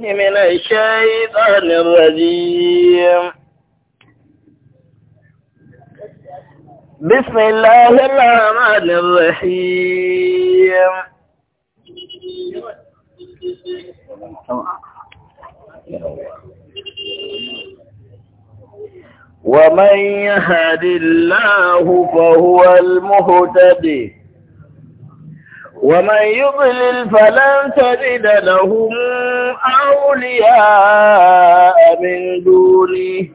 من الشيطان الرجيم بسم الله الرحمن الرحيم ومن يهد الله فهو المهتدي ومن يضلل فلن تجد لهم أولياء من دونه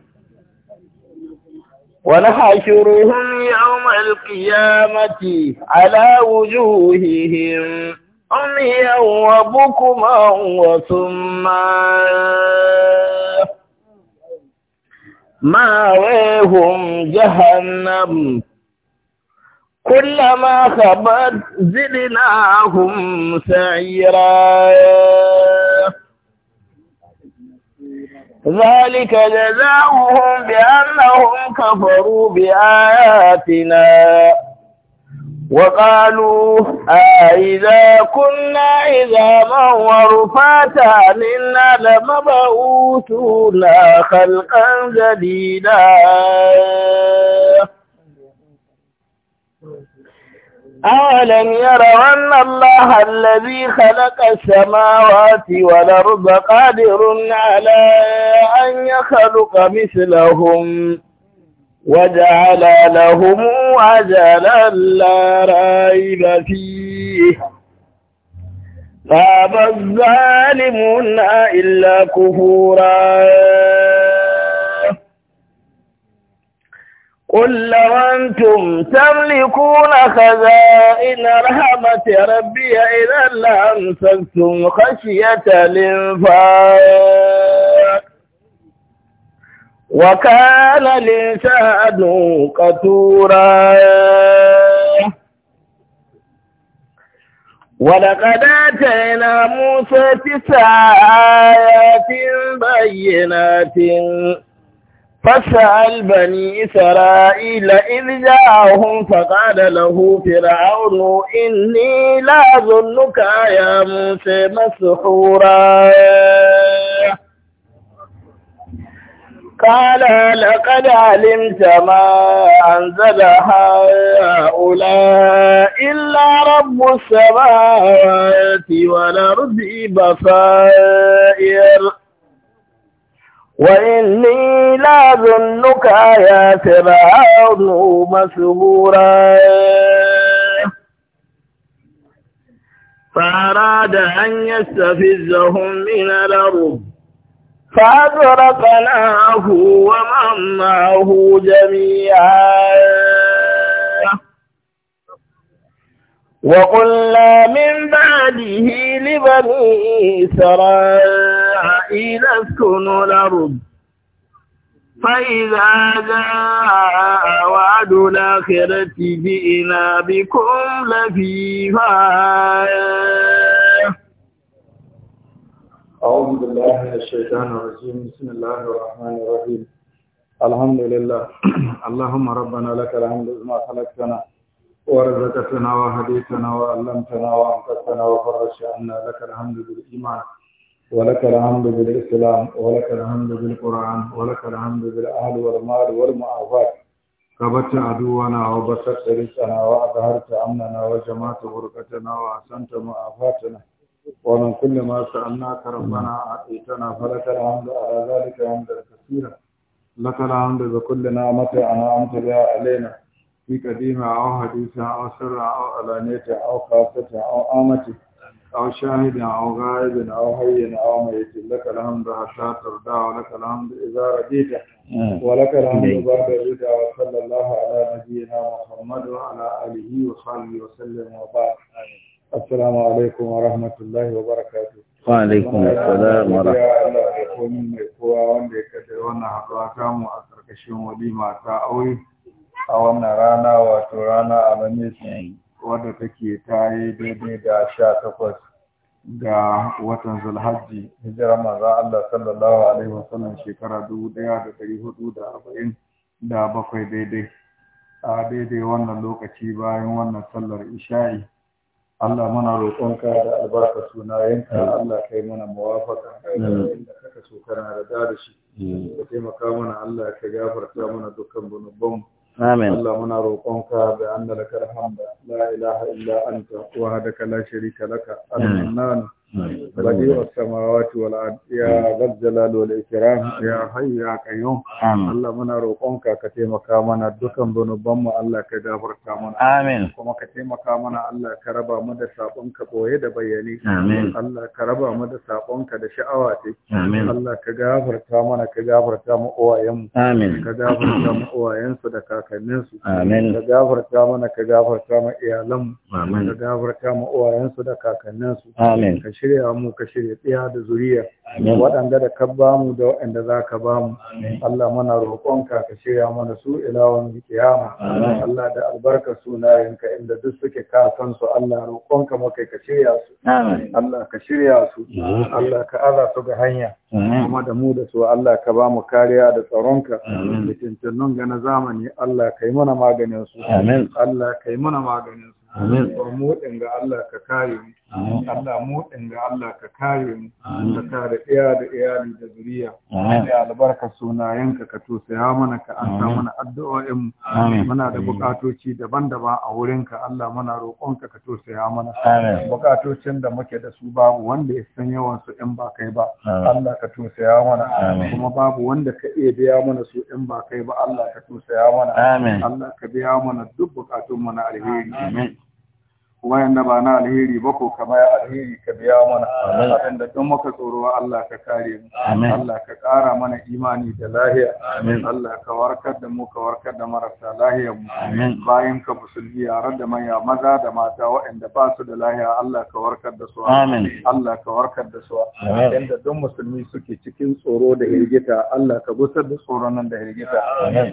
ونحشرهم يوم القيامة على وجوههم عميا وبكما وثما ماويهم جهنم كلما خبت زدناهم سعيرا ذلك جزاؤهم بأنهم كفروا بآياتنا وقالوا أإذا كنا عظاما ورفاتا إنا لمبعوثون خلقا جديدا أولم يروا أن الله الذي خلق السماوات والأرض قادر على أن يخلق مثلهم وجعل لهم أجلا لا ريب فيه فأبى الظالمون إلا كفورا قل لو أنتم تملكون خزائن رحمة ربي إذا لأمسكتم خشية الإنفاق وكان الإنسان قتورا ولقد آتينا موسى تسع آيات بينات فاسأل بني إسرائيل إذ جاءهم فقال له فرعون إني لا يا موسى مسحورا قال لقد علمت ما أنزل هؤلاء إلا رب السماوات والأرض بصائر وإني لا ظنك يا فرعون مسهورا فأراد أن يستفزهم من الأرض فأغرقناه ومن معه جميعا وقلنا من بعده لبني إسرائيل حين اسكنوا الأرض فإذا جاء وعد الآخرة جئنا بكم لفيفا أعوذ بالله من الشيطان الرجيم بسم الله الرحمن الرحيم الحمد لله اللهم ربنا لك الحمد بما خلقتنا ورزقتنا وهديتنا وعلمتنا وأنقذتنا وفرجت عنا لك الحمد بالإيمان ولك الحمد بالإسلام ولك الحمد بالقرآن ولك الحمد بالأهل والمال والمعافات كبت عدونا وبسط رزقنا وأظهرت أمننا وجمعت غرفتنا وأحسنت معافاتنا ومن كل ما سألناك ربنا أعطيتنا فلك الحمد على ذلك حمدا كثيرا لك الحمد بكل نعمة أنعمت بها علينا في قديمة أو حديثة أو سرة أو علانية أو خاصة أو آمتي أو شاهد أو غائب أو هين أو ميت لك الحمد حتى ترضى ولك الحمد إذا رضيت ولك الحمد بعد الرضا وصلى الله على نبينا محمد وعلى آله وصحبه وسلم وبارك السلام عليكم ورحمة الله وبركاته وعليكم السلام ورحمة الله وبركاته ƙarƙashin walima ta aure a wannan rana wato rana a wadda take ta yi daidai da sha takwas ga watan zulhajji hijira manzo Allah sallallahu alaihi wa sallam shekara dubu ɗaya da da da bakwai daidai a daidai wannan lokaci bayan wannan sallar isha'i Allah muna roƙonka da albarka suna yanka Allah kai mana muwafaka inda kaka so kana da da shi ka taimaka mana Allah ka gafarta mana dukkan zunubanmu آمين اللهم نروقك بأن لك الحمد لا إله إلا أنت وحدك لا شريك لك المنان بديع السماوات والارض يا ذا الجلال والاكرام يا حي يا قيوم الله منا roƙonka ka taimaka mana dukan zunuban mu Allah ka gafarta mana amin kuma ka taimaka mana Allah ka raba mu da sabon ka da bayani amin Allah ka raba da sabon da sha'awa ta amin Allah ka gafarta mana ka gafarta mu uwayen mu amin ka gafarta mu uwayen su da kakannin amin ka mana ka amin ka da amin shirya mu ka shirya tsaya da zuriya waɗanda da ka ba mu da waɗanda za ka ba mu Allah mana roƙonka ka shirya mana su ilawan kiyama Allah da albarka sunayenka inda duk suke ka san su Allah roƙonka maka ka shirya su Allah ka shirya su Allah ka aza su ga hanya kuma da mu da su Allah ka ba mu kariya da tsaronka fitintunnun ga na zamani Allah ka yi mana maganin su Allah ka yi mana maganin su mu ɗin ga Allah ka kare mu Allah mu ga Allah ka kare mu ka kare ɗaya da iyali da zuriya da albarka sunayenka ka tosaya mana ka an sa mana addu'o'in mu muna da bukatoci daban-daban a wurinka Allah muna roƙonka ka tosaya mana bukatocin da muke da su babu wanda ya san yawan su in ba kai ba Allah ka tosaya mana kuma babu wanda ka iya biya mana su in ba kai ba Allah ka tosaya mana Allah ka biya mana duk bukatun mu na alheri wayanda ba na alheri ba ko kama ya alheri ka biya mana abin da don muka tsoro Allah ka kare mu Amin. Allah ka kara mana imani da lahiya Amin. Allah ka warkar da mu ka warkar da marasa lahiya mu Amin. bayan ka musulmi yare da manya maza da mata waɗanda ba su da lahiya Allah ka warkar da su Allah ka warkar da su yanda don musulmi suke cikin tsoro da hirgita Allah ka gusar da tsoron nan da hirgita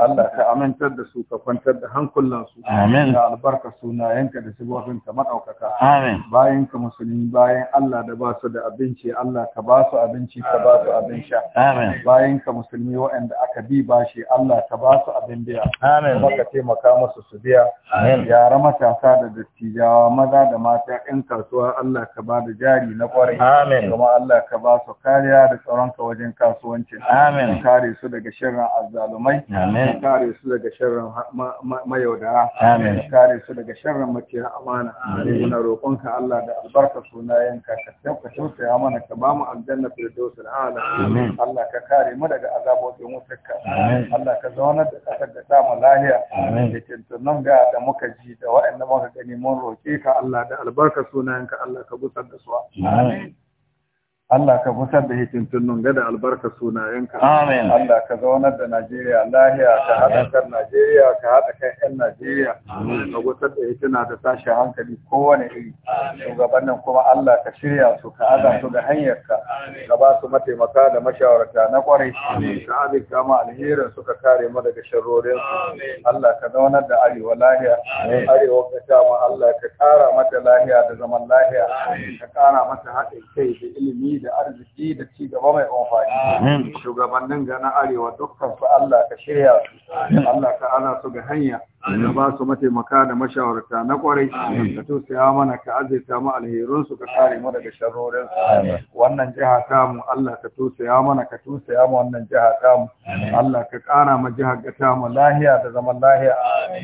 Allah ka amintar da su ka kwantar da hankulansu da albarka sunayenka da sigofin kama maɗaukaka amin bayan ka musulmi bayan Allah da ba su da abinci Allah ka ba su abinci ka ba su abin sha amin bayan ka musulmi waɗanda aka bi bashi Allah ka ba su abin biya amin ka taimaka musu su biya amin yara matasa da dattijawa maza da mata ƴan kasuwa Allah ka ba da jari na ƙwarai amin kuma Allah ka ba su kariya da tsaron ka wajen kasuwanci amin kare su daga sharrin azzalumai amin kare su daga sharrin mayaudara amin kare su daga sharrin makiya amana muna roƙonka Allah da albarka yanka ka tausaya mana ka ba mu aljanna firdausul ala Allah ka kare mu daga azabobin wutarka Allah ka zaunar da kasar da ta mu lahiya da kintunan ga da muka ji da wa'annan muka gani mun roƙe ka Allah da albarka yanka Allah ka busar da su amin Allah ka fitar da hitintunnun ga da albarka sunayenka. Amin. Allah ka zaunar da Najeriya lahiya ka haɗa kan Najeriya ka haɗa kan 'yan Najeriya. Ka fitar da hitina da tashin hankali kowane iri. Shugabannin kuma Allah ka shirya su ka aza su ga hanyarka. Ka ba su mataimaka da mashawarta na kwarai. Ka azurta ma alherin su ka kare mu daga sharrorin su. Allah ka zaunar da arewa lahiya. Arewa ka wa ma Allah ka ƙara mata lahiya da zaman lahiya. Ka ƙara mata haɗin kai da ilimi da arziki da ci gaba mai amfani shugabannin ga arewa dukkan su Allah ka shirya Allah ka ana su ga hanya da ba su mataimaka da mashawarta na kwarai ka tosaya mana ka azaita mu alherunsu ka kare mu daga sharorin wannan jiha tamu Allah ka tosaya mana ka tosaya mu wannan jiha tamu Allah ka kara ma jihar ga tamu lahiya da zaman lahiya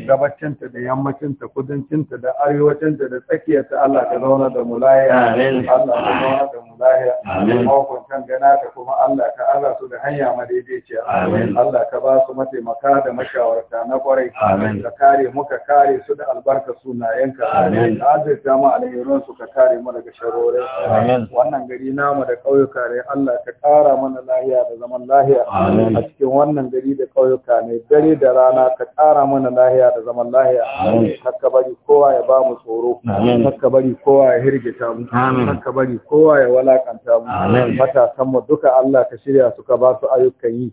gabacinta da yammacinta kudancinta da arewacinta da tsakiyarta Allah ka zauna da mu lahiya Allah ka zauna da mu lahiya amin mahukuntan gana ta kuma Allah ka Allah su da hanya madaidaiciya amin Allah ka ba su mataimaka da mashawarta na kwarai amin ka kare mu ka kare su da albarka sunayenka amin ka azurta mu alherin su ka kare mu daga sharorin amin wannan gari namu da ƙauyuka ne Allah ka ƙara mana lahiya da zaman lahiya amin a cikin wannan gari da ƙauyuka ne dare da rana ka ƙara mana lahiya da zaman lahiya amin ka bari kowa ya ba mu tsoro amin ka bari kowa ya hirgita mu amin ka bari kowa ya walakanta azurta duka Allah ka shirya su ka ba su ayyukan yi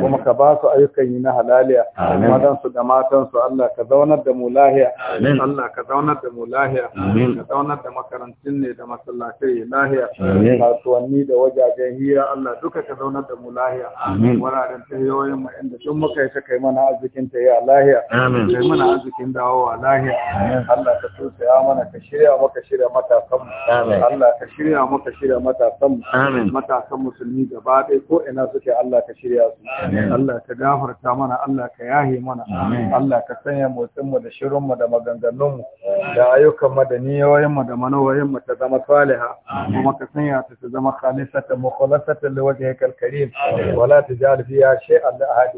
kuma ka ba su ayyukan yi na halaliya madansu da matansu su Allah ka zaunar da mu lahiya Allah ka zaunar da mu lahiya ka zaunar da makarantun ne da masallatai lahiya kasuwanni da wajajen hira Allah duka ka zaunar da mu lahiya wuraren tayoyin mu inda duk muka yi kai mana arzikin ta ya lahiya kai mana arzikin dawowa lahiya Allah ka tsaya mana ka shirya maka shirya matakanmu. Allah ka shirya maka shirya matakanmu. matasan matasan musulmi gaba ɗaya ko ina suke Allah ka shirya su Allah ka gafarta mana Allah ka yahe mana Allah ka sanya motsin mu da shirin mu da maganganun mu da ayyukan mu da niyoyin mu da manowayin mu ta zama saliha kuma ka sanya ta ta zama khalisatan waje liwajhikal karim wala tajal fiha shay'an la ahad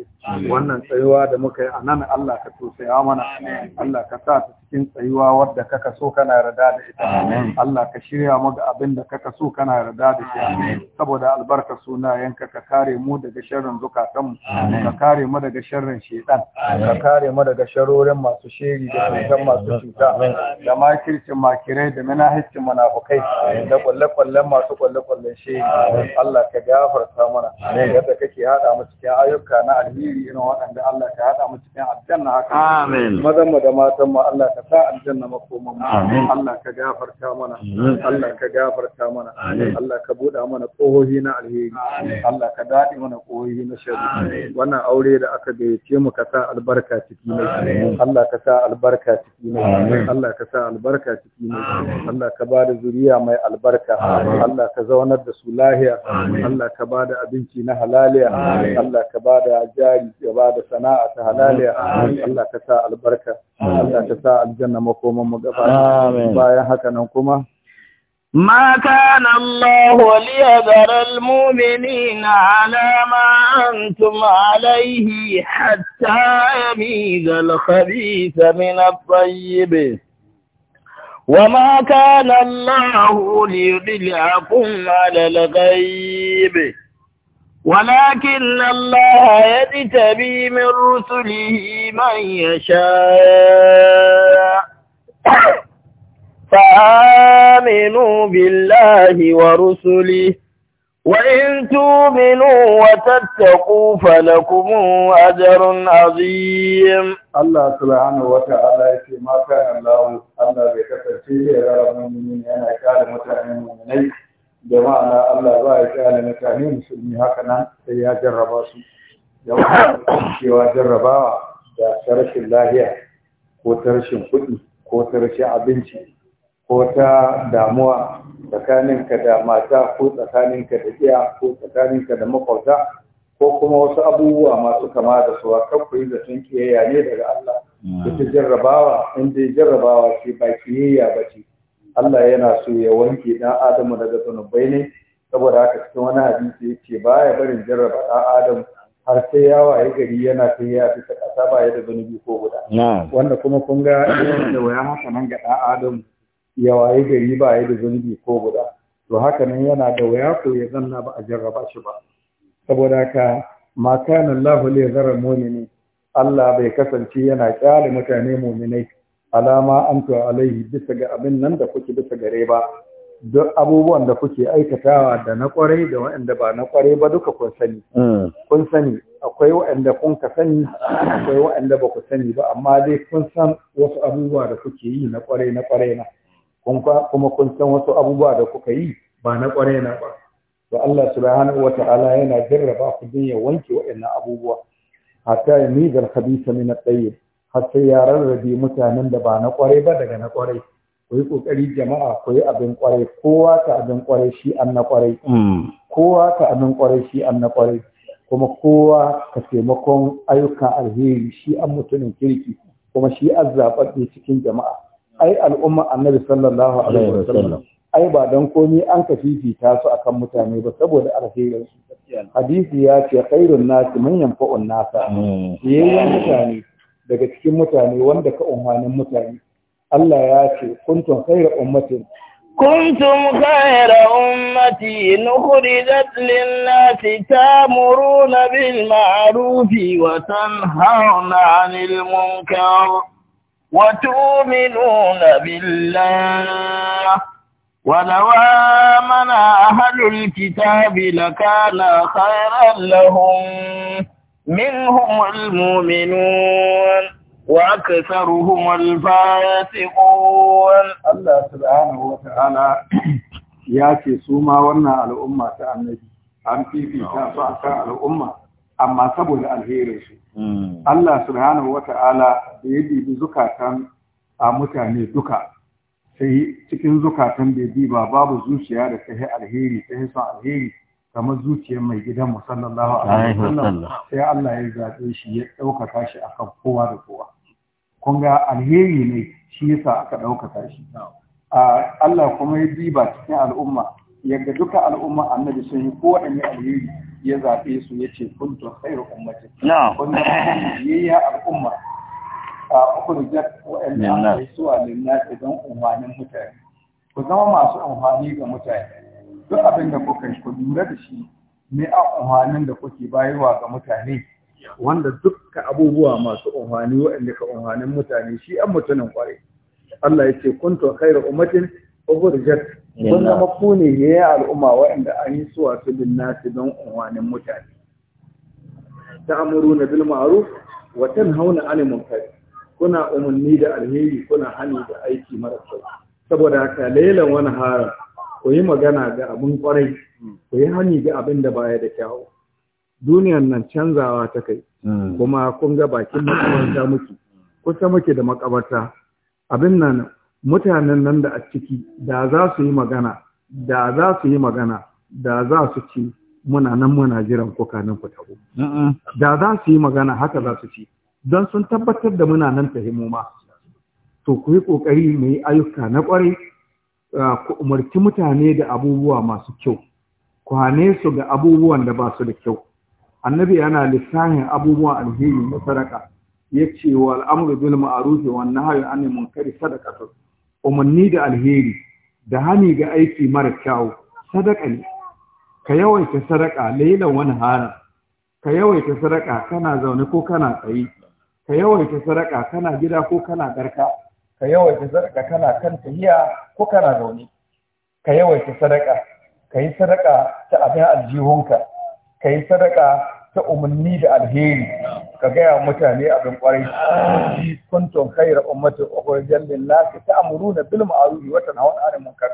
wannan tsayuwa da muka yi anan Allah ka tusaya mana Allah ka sa ta cikin tsayuwa wadda kaka so kana yarda da ita Allah ka shirya mu ga abin da kaka so kana yarda da shi saboda albarka sunayen ka kare mu daga sharrin zukatan mu ka kare mu daga sharrin shedan ka kare mu daga sharorin masu sheri da cutan masu cuta da makircin makirai da manahicin munafukai da kwalle-kwallen masu kwalle-kwallen sheri Allah ka gafarta mana yadda kake hada mu cikin ayyuka na alheri irin waɗanda Allah ka hada mu cikin aljanna haka amin mazan mu da matan mu Allah ka sa aljanna makoman Amin. Allah ka gafarta mana Allah ka gafarta mana Allah ka buɗa mana kohohi na alheri Allah ka daɗi mana kohohi na shari wannan aure da aka gayyace mu ka sa albarka ciki ne Allah ka sa albarka ciki ne Allah ka sa albarka ciki ne Allah ka ba zuriya mai albarka Allah ka zaunar da su lahiya Allah ka bada abinci na halaliya Allah ka ba jari ya bada sana'a ta halaliya Allah ka sa albarka Allah ka sa aljanna makoman mu gaba bayan haka nan kuma ma kana Allah wali yadara almu'minina antum alaihi hatta yamiza alkhabitha min at-tayyib wa ma kana Allah liyudli'akum ala al-ghayb ولكن الله يجتبي من رسله من يشاء فآمنوا بالله ورسله وإن تؤمنوا وتتقوا فلكم أجر عظيم الله سبحانه وتعالى في ما كان الله الله بكثرته يرى من أنا كان متعين من جمعنا Allah ba ya ala mutane musulmi haka nan sai ya jarraba su yawan cewa jarrabawa da ta rashin lahiya ko ta rashin kuɗi ko ta rashin abinci ko ta damuwa tsakaninka da mata ko tsakaninka da iya ko tsakaninka da makwauta ko kuma wasu abubuwa masu kama da su kan ku yi sun kiyayya ne daga Allah ita jarrabawa in dai jarrabawa ce ba kiyayya ba ce Allah yana so ya wanke dan Adamu daga zanubai ne saboda haka cikin wani hadisi ya ce ba ya barin jarraba ɗan adam har sai ya waye gari yana kai ya bisa ƙasa ba ya da zunubi ko guda wanda kuma kun ga yana da waya haka nan ga ɗan adam ya waye gari ba ya da zunubi ko guda to haka nan yana da waya ko ya zanna ba a jarraba shi ba saboda haka ma kana Allah li zara mu'mini Allah bai kasance yana kyale mutane mu'minai alama an alaihi bisa ga abin nan da kuke bisa gare ba duk abubuwan da kuke aikatawa da na kwarai da waɗanda ba na kwarai ba duka kun sani. Mm. Kun sani akwai waɗanda kun ka sani akwai waɗanda ba ku sani ba amma dai kun san wasu abubuwa da kuke yi na kwarai na kwarai na. Kuma kun san wasu abubuwa da kuka yi ba na kwarai na ba. To Allah subhanahu wa ta'ala yana jarraba ku don ya wanke waɗannan abubuwa. Hatta ya mizar habisa min at-tayyib har sai ya rarrabe mutanen da ba na kwarai ba daga na kwarai. ku yi ƙoƙari jama'a ku yi abin ƙwarai kowa ta abin ƙwarai shi an na ƙwarai mm. kowa ta abin ƙwarai shi an na ƙwarai kuma kowa ka taimakon ayyukan alheri shi an mutumin kirki kuma shi an zaɓaɓɓe cikin jama'a ai al'umma annabi sallallahu alaihi wa sallam ai ba dan komai an ka fifita su akan mutane ba saboda alherin su hadisi ya ce khairun nasi man yanfa'un nasa mm. yayin mutane daga cikin mutane wanda ka umhanin mutane Allah ya كنتم خير khayra كنتم خير امتي نخرجت للناس تامرون بالمعروف وتنهون عن المنكر وتؤمنون بالله ولو آمن أهل الكتاب لكان خيرا لهم منهم المؤمنون وأكثرهم الفاسقون الله سبحانه وتعالى ya ce su ma wannan al'umma ta annabi an fifita su a kan al'umma amma saboda alherinsu Allah subhanahu wa ta'ala da ya bibi zukatan a mutane duka sai cikin zukatan bai ba babu zuciya da ta alheri ta son alheri kamar zuciyar mai gidan mu sallallahu alaihi wasallam sai Allah ya zaɓe shi ya ɗaukaka shi akan kowa da kowa kun ga alheri ne shi yasa aka ɗaukaka shi Allah kuma ya diba cikin al'umma yadda duka al'umma annabi sun yi kowane alheri ya zaɓe su ya ce kuntu khairu ummati ya yayya al'umma a ukhrijat wa anna zuwa linnasi don umarnin mutane ku zama masu amfani ga mutane duk abin da kuka ku lura da shi ne a umarnin da kuke bayarwa ga mutane wanda dukkan abubuwa masu unhani waɗanda ka unhanin mutane shi an mutumin kwarai Allah ya ce kuntu khairu ummatin ukhrijat wannan zama ne ya al'umma waɗanda an yi suwa su bin nasi don unhanin mutane ta'muruna bil ma'ruf wa tanhauna 'anil munkar kuna umarni da alheri kuna hani da aiki mara kyau saboda haka lailan wani haram ku magana ga abin kwarai ku yi hani ga abin da baya da kyau. duniyar nan canzawa ta kai hmm. kuma kun ga bakin makabarta muke kusa muke da makabarta abin nan mutanen nan da a ciki da za su yi magana da za su yi magana da za su ci muna nan muna jiran kukanin ku tabo da za su yi magana haka za su ci don sun tabbatar da muna nan ta himuma to ku yi kokari mu ayyuka na kwarai ku umarci mutane da abubuwa masu kyau ku hane su ga abubuwan da ba su da kyau annabi yana lissahin abubuwan alheri na sadaka ya ce wa al’amuru bil ma'ruf wan an yi munkari sadaqatu umanni da alheri da hani ga aiki mara kyau sadaka ne ka yawaita sadaka lailan wani hara ka yawaita sadaka kana zaune ko kana tsaye ka yawaita sadaka kana gida ko kana garka ka yawaita sadaka kana kan tahiya ko kana zaune ka yawaita sadaka ka yi sadaka ta abin aljihunka ka yi sadaka ta umarni da alheri ka gaya mutane abin kwarai kuntum khayra ummati ukhrijat lin-nas ta'muruna bil ma'ruf wa tanhawna 'anil munkar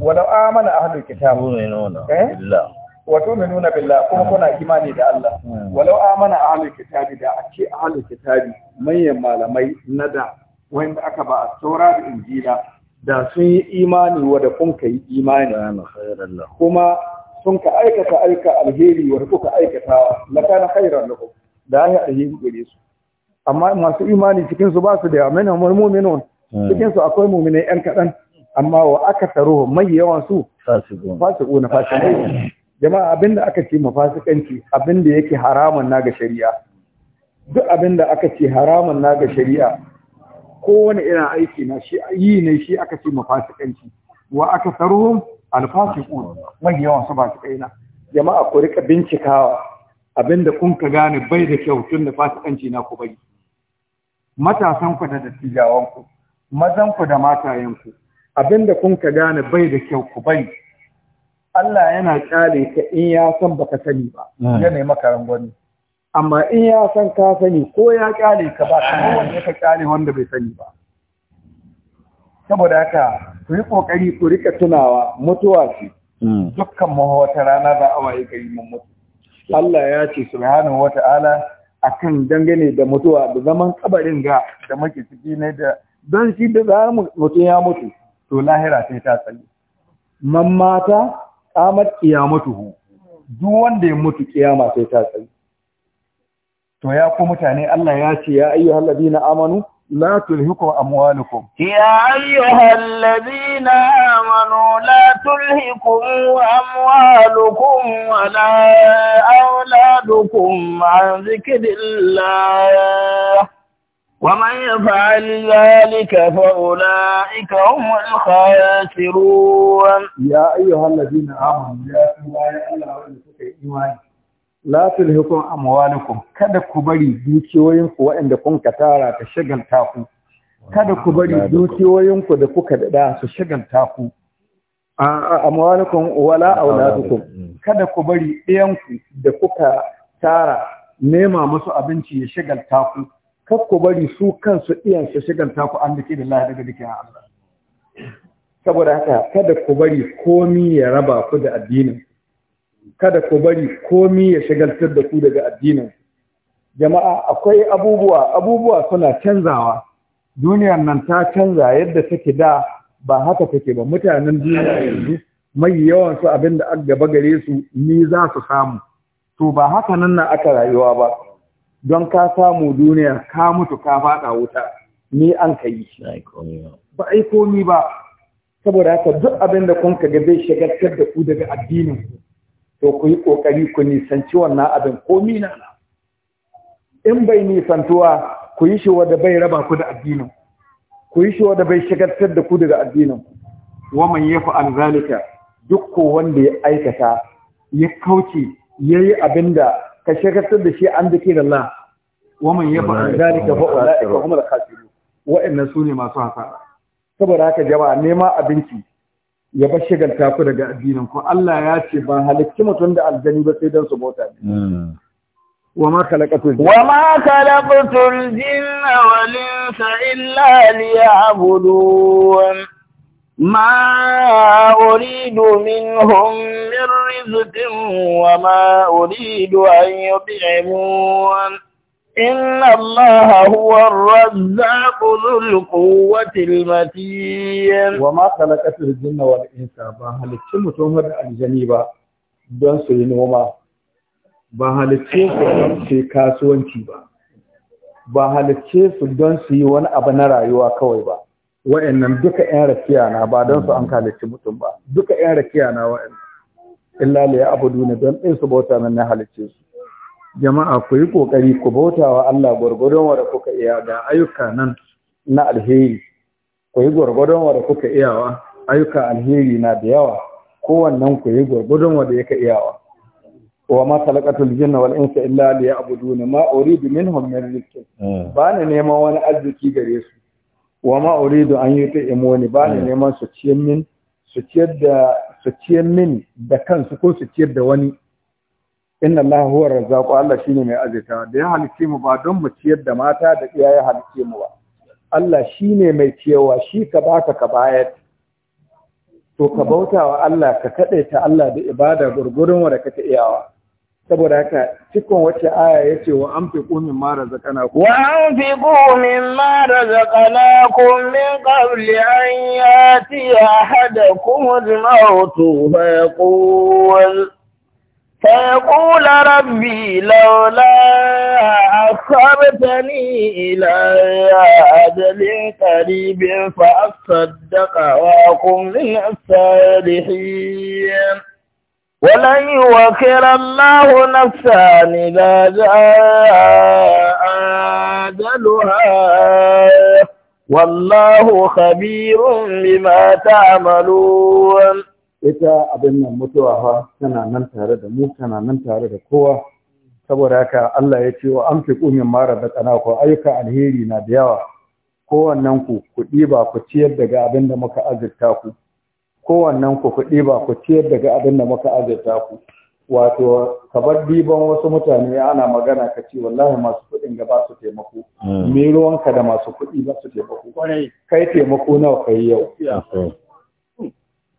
wa law amana ahlul kitab yu'minuna eh? billah wa tu'minuna billah kuma kuna imani da Allah hmm. walau amana ahlul kitab da a ce ahlul kitab manyan malamai na da wanda aka ba a saura da injila da sun yi imani wa da kun kai imani kuma sun ka aikata aika alheri wanda kuka aikata la kana khairan lahum da ya alheri gare su amma masu imani cikin su ba su da amana mu'minun hmm. cikin su akwai mu'minai yan kadan amma wa aka taro mai yawan su fasiqun fasiqun fasiqun jama'a abinda aka ce mafasikanci abinda yake haramun na ga shari'a duk abinda aka ce haramun na ga shari'a kowane irin aiki na shi yi ne shi aka ce mafasikanci wa aka taro ku mai yawan su ba su kaina jama'a ku rika bincikawa abinda kun ka gane bai da kyau tun da fasikanci na ku bai matasan ku da dattijawan ku mazan ku da matayen ku abinda kun ka gane bai da kyau ku bai Allah yana kyale ka in ya san baka sani ba yana hmm. maka rangwani amma in ya san ka sani ko ya kyale ka ba kuma wanda ka kyale wanda bai sani ba saboda haka ku yi kokari ku rika tunawa mutuwa ce hmm. dukkan mu wata rana za a waye kai mun mutu Allah ya ce subhanahu wata'ala akan dangane da mutuwa da zaman kabarin ga da muke ciki ne da don shi da za mutum ya mutu to lahira sai ta tsaye man mata qamat qiyamatuhu duk wanda ya mutu kiyama sai ta tsaye to ya ku mutane Allah ya ce ya ayyuhal ladina amanu لا تلهكم أموالكم يا أيها الذين آمنوا لا تلهكم أموالكم ولا أولادكم عن ذكر الله ومن يفعل ذلك فأولئك هم الخاسرون يا أيها الذين آمنوا يا أيها الذين آمنوا la tulhikum amwalukum kada ku bari dukiyoyinku waɗanda kun ka tara ta shagalta ku kada ku bari dukiyoyinku da kuka dada su shagalta ku amwalukum wala auladukum kada ku bari iyanku da kuka tara nema musu abinci ya shagalta ku kada ku bari su kansu iyan su shagalta ku an dake da Allah daga dake Allah saboda haka kada ku bari komi ya raba ku da addinin kada ku bari komi ya shagaltar da ku daga addinin jama'a akwai abubuwa abubuwa suna canzawa duniyar nan ta canza yadda take da ba haka take ba mutanen duniya yanzu mai yawan su abin da aka gaba gare su ni za su samu to ba haka nan na aka rayuwa ba don ka samu duniya ka mutu ka faɗa wuta ni an ka yi ba ai komi ba saboda haka duk abin da kun ga zai shagaltar da ku daga addinin ku to ku yi ƙoƙari ku nisanci wannan abin ko mina na in bai nisantuwa ku yi shi wanda bai raba ku da addinin ku yi shi wanda bai shigartar da ku daga addinin wa man yaf'al zalika duk ko wanda ya aikata ya kauce yayi abinda ka shigartar da shi an dake da Allah wa man yaf'al zalika fa ulaika humul khasirun wa'annan sune masu hasara saboda haka jama'a nema abinci ya bar shagalta ku daga addinin ku Allah ya ce ba halicci mutum da aljani ba sai dan su bauta ne wa ma khalaqatul jinna wa ma khalaqatul jinna wal insa illa liya'budun ma uridu minhum min rizqin wa ma uridu an yut'imun Inna الله هو الرزاق ذو القوة المتين وما خلقت الجن والإنس با هلكي متوم da aljani ba mutum ba don su yi noma ba halicce su don su yi kasuwanci ba ba halicce su don su yi wani abu na rayuwa kawai ba nan duka yan rakiya na ba don su an halicci mutum ba duka yan rakiya na wa'annan illa abu ya'buduna don ɗin su bauta nan na halicce su jama'a ku yi ƙoƙari ku bauta wa Allah gwargwadon wa da kuka iya ga ayyuka nan na alheri ku yi gwargwadon wa da kuka iyawa ayyuka alheri na da yawa kowannen ku yi gwargwadon wa da yake iyawa wa ma talaqatul jinna wal insa illa liya'budun ma uridu minhum min rizqin hmm. ba ni neman wani arziki gare su wa ma uridu an yut'imuni ba ni hmm. neman su ciyar min su ciyar da su ciyar min da kansu ko su ciyar da wani inna Allah huwa razzaqu Allah shine mai azita da ya halice mu ba don mu ciyar da mata da iya ya halice mu ba Allah shine mai ciyawa shi ka baka ka bayar to ka bauta wa Allah ka ta Allah da ibada gurgurun da kake iyawa saboda haka cikin wace aya ce wa anfiqu mimma ku wa anfiqu mimma ku min qabli an yati ahadakum al-maut fa yaqul فيقول ربي لولا أخرتني إلى أجل قريب فأصدق وأكن من الصالحين ولن يوكل الله نفسا إذا جاء أجلها والله خبير بما تعملون ita abin nan mutuwa fa tana nan tare da mu tana nan tare da kowa saboda haka Allah ya ce wa amfiqu kumin mara da tsana ko ayyuka alheri na da yawa kowannen ku ku ɗiba ku ciyar daga abin da muka azurta ku kowannen ku ku ɗiba ku ciyar daga abin da muka azurta ku wato ka bar diban wasu mutane ana magana ka ce wallahi masu kuɗin ga ba su taimako mm. me ruwanka da masu kuɗi ba su taimako kai taimako nawa kai yau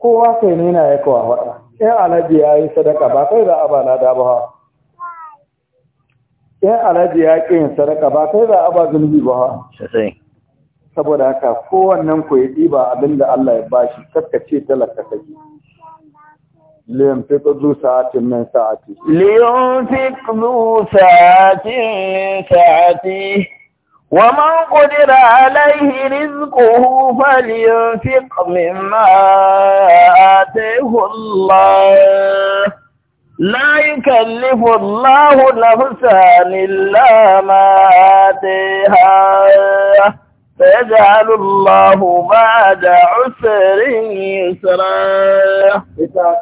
kowa kai ne na yaka wa faɗa in alhaji ya yi sadaka ba kai za a ba na ba ha ɗan alhaji ya ƙi yin sadaka ba kai za a ba zunubi ba ha saboda haka kowannan ku ya ɗiba abin da Allah ya bashi kakkace talaka kake لينفق ذو ساعة من ساعته لينفق ذو ساعة من sa'ati ومن قدر عليه رزقه فلينفق مما آتيه الله لا يكلف الله نفسا إلا ما آتيها فيجعل الله بعد عسر يسرا إذا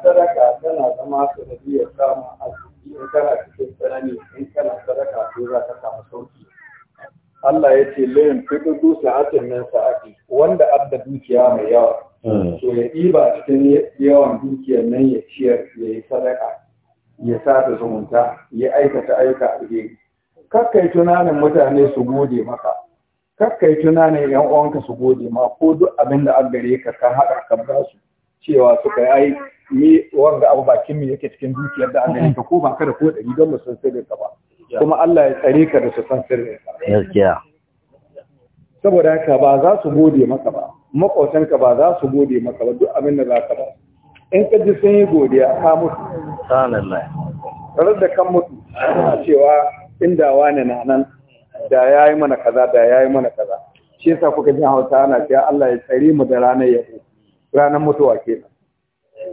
Allah ya ce layin fito dusa hatin nan sa'afi wanda adda dukiya mai yawa. Hmm. To ya ɗiba cikin yawan dukiyar nan ya ciyar ya yi sadaka ya ta zumunta ya aikata aika alheri. Kakkai tunanin mutane su gode maka. Kakkai tunanin ‘yan uwanka su gode ma ko duk abin da an gare ka ka haɗa ka ba su cewa suka yi ni wanga abu bakin mu yake cikin dukiyar da an ya ka ko ba ka da ko ɗari don mu san sai da ba. kuma Allah ya tsare ka da san sirri gaskiya saboda haka ba za su gode maka ba makwautanka ba za su gode maka ba duk abin da za ka ba in ka ji sun yi godiya ka mutu sanallah da kan mutu suna cewa inda wani na nan da ya yi mana kaza da ya yi mana kaza shi sa kuka ji hausa ana cewa Allah ya tsare mu da ranar yabo ranar mutuwa kenan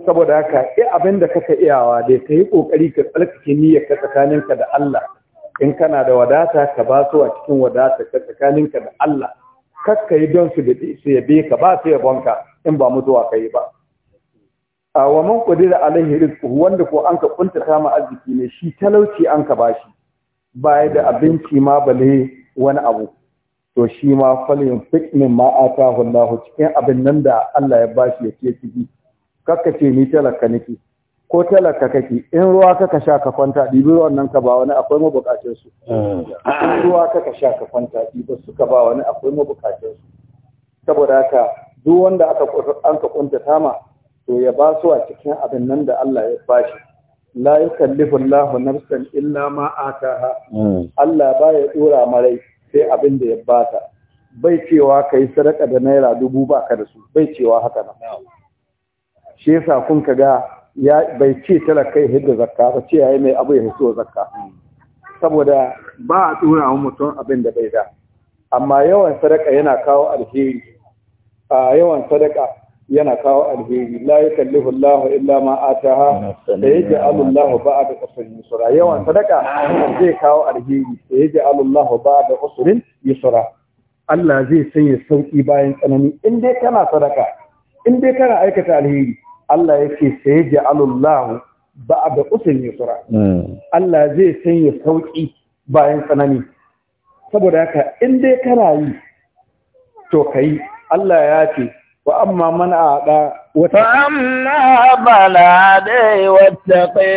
saboda haka eh abin da kaka iyawa dai ka yi ƙoƙari ka tsarkake niyyar ka tsakaninka da Allah in kana da wadata ka ba su a cikin wadata ka tsakaninka da Allah kakka yi don su yabe ka ba su yabonka in ba mutuwa ka yi ba a wa man qadira alaihi rizqu wanda ko an ka kunta kama arziki ne shi talauci an ka bashi baya da abinci ma bale wani abu to shi ma falin fikmin ma atahu Allah cikin abin nan da Allah ya bashi ya ce ciki kakka ce ni talaka nake ko talaka kake in ruwa kaka sha ka kwanta ɗibi ruwan nan ka ba wani akwai bukatun su in ruwa kaka sha ka kwanta ɗibi su ka ba wani akwai bukatun su saboda haka duk wanda aka an ka kunta tama to ya ba su a cikin abin nan da Allah ya bashi la yukallifu Allahu nafsan illa ma ataha hmm. Allah ba ya dora marai sai abin da ya ta. bai cewa kai sadaka da naira dubu ba ka da su bai cewa haka nan shi yasa kun ka ga ya bai ce talaka ya hidda zakka ba ce yayi mai abu ya hiso zakka saboda ba a tura wa mutum abin da bai da amma yawan sadaka yana kawo alheri a yawan sadaka yana kawo alheri la yukallifu Allah illa ma ataha da yaj'alu Allah da usrin yusura yawan sadaka zai kawo alheri da yaj'alu Allah da usrin yusura Allah zai sanya sauki bayan tsanani in dai kana sadaka in dai kana aikata alheri Allah yake sai ja'alullahu ba'da usrin yusra hmm. Allah zai sanya sauƙi bayan tsanani saboda haka in dai kana yi to kai Allah ya ce wa amma man aada wa amma bala dai wattaqi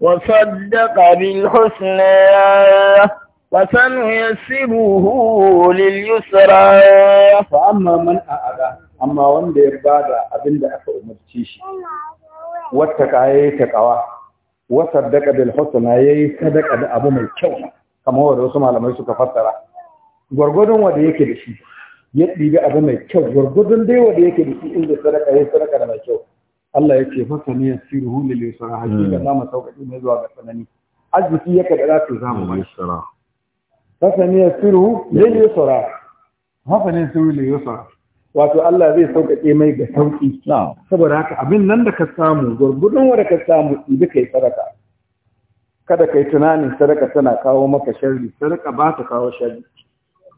وصدق بالحسنى وسنيسره لليسرى فأما من أعدى amma wanda ya bada abin da aka umarci shi wata kaye ta kawa wata daga bil husna yayi sadaka da abu mai kyau kamar wanda wasu malamai suka fassara gurgudun wanda yake da shi ya dibi abu mai kyau gurgudun dai wanda yake da shi inda sadaka yayi sadaka da mai kyau Allah ya ce fasa ne yasiruhu lil yusra hakika hmm. za mu sauƙaƙe ne zuwa ga tsanani arziki yake da za su zamu sara fasa ne yasiruhu lil yusra hafa ne yasiruhu lil yusra wato Allah zai sauƙaƙe mai ga sauƙi saboda haka abin nan da ka samu gurgudun da ka samu ka kai sadaka kada ka yi tunanin sadaka tana kawo maka sharri sadaka ba ta kawo sharri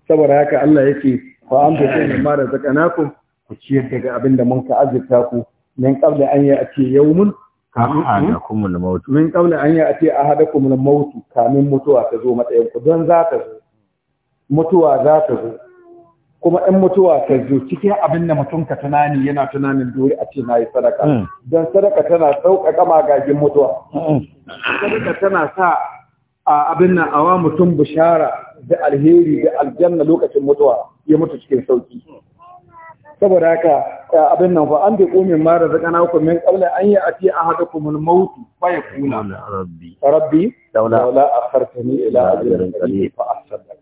saboda haka Allah yake fa an bi sun da zakanakum ku ciyar daga abin da mun ka azurta ku min ƙabla an ya a ce yau mun. min an kamin mutuwa ta zo matsayin ku mutuwa za ta zo kuma in mutuwa ta zo cikin abin da mutum ka tunani yana tunanin dori a ce na yi sadaka mm. don sadaka tana sauƙaƙa magagin mutuwa sadaka tana sa a abin nan awa mutum bishara da alheri da aljanna lokacin mutuwa ya mutu cikin sauƙi. saboda haka abin nan fa an bi kumin mara zakana ku min qabla an yi ya'ti ahadakum al-maut fa yaqulu rabbi rabbi laula akhartani ila ajalin qarib fa asaddaq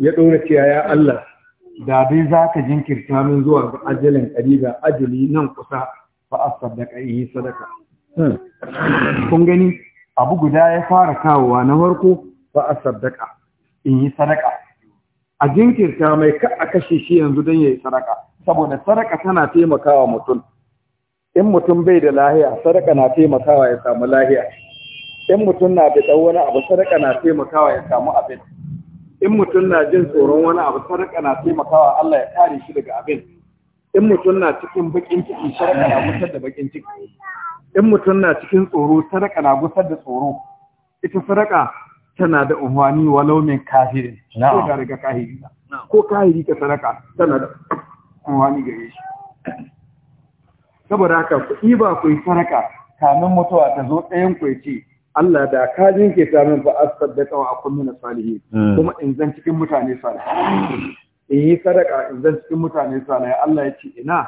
ya ɗora cewa ya Allah da dai za ka jinkirta min zuwa ga ajalin ƙariba ajali nan kusa fa a sadaka yi sadaka hmm. kun gani abu guda ya fara kawowa na farko fa a sadaka in yi sadaka a jinkirta mai ka a kashe shi yanzu don ya yi sadaka saboda sadaka tana taimakawa mutum in mutum bai da lahiya sadaka na taimakawa ya samu lahiya in mutum na da wani abu sadaka na taimakawa ya samu abin in mutum na jin tsoron wani abu sadaka na taimakawa Allah ya kare shi daga abin in mutum na cikin bakin ciki sadaka na gusar da bakin ciki in mutum na cikin tsoro sadaka na gusar da tsoro ita sadaka tana da umarni walau min kafirin ko ga daga kahiri ko kahiri ka sadaka tana da umarni gare shi saboda haka ku ba ku yi sadaka kamin mutuwa ta zo ɗayan ku ce Allah da ka jinke ta min fa tsawon wa akun min salihi, hmm. kuma in zan cikin mutane salihi in yi sadaka in zan cikin mutane salihi Allah ya ce ina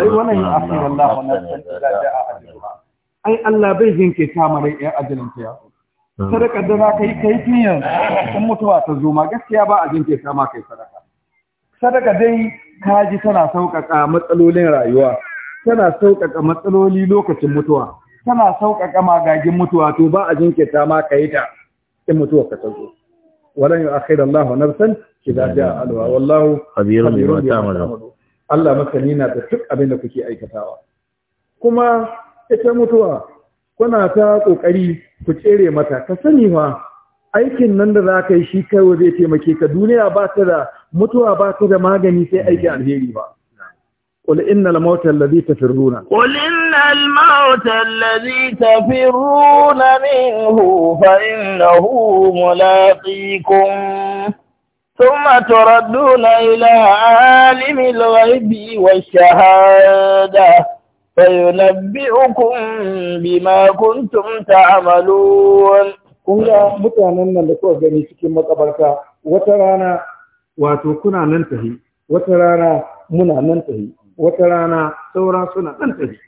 ai wannan ya akhir Allah wa nafsan a da'a ba? ai Allah bai jinke ta mare ya ajalin ta ya hmm. sadaka da za ka yi kai tun yanzu in mutuwa ta zo ma gaskiya ba a jinke ta ma kai sadaka sadaka dai ka ji tana sauƙaƙa matsalolin rayuwa tana sauƙaƙa matsaloli lokacin mutuwa tana sauƙaƙa magagin mutuwa to ba a jinkirta ma ka yi ta in mutuwa ka tazo walan yu'akhir Allahu nafsan idza ja'a alwa wallahu biyu ta mara. Allah masani na da duk abin da kuke aikatawa kuma ita mutuwa kuna ta ƙoƙari ku tsere mata ka sani ma aikin nan da za ka yi shi kawai zai taimake ka duniya ba ta da mutuwa ba ta da magani sai aikin alheri ba قل إن الموت الذي تفرون قل إن الموت الذي تفرون منه فإنه ملاقيكم ثم تردون إلى عالم الغيب والشهادة فينبئكم بما كنتم تعملون kunga mutanen nan da kuka مقبرك وترانا واتوكنا ننتهي وترانا منا ننتهي wata rana saura suna ɗan tafi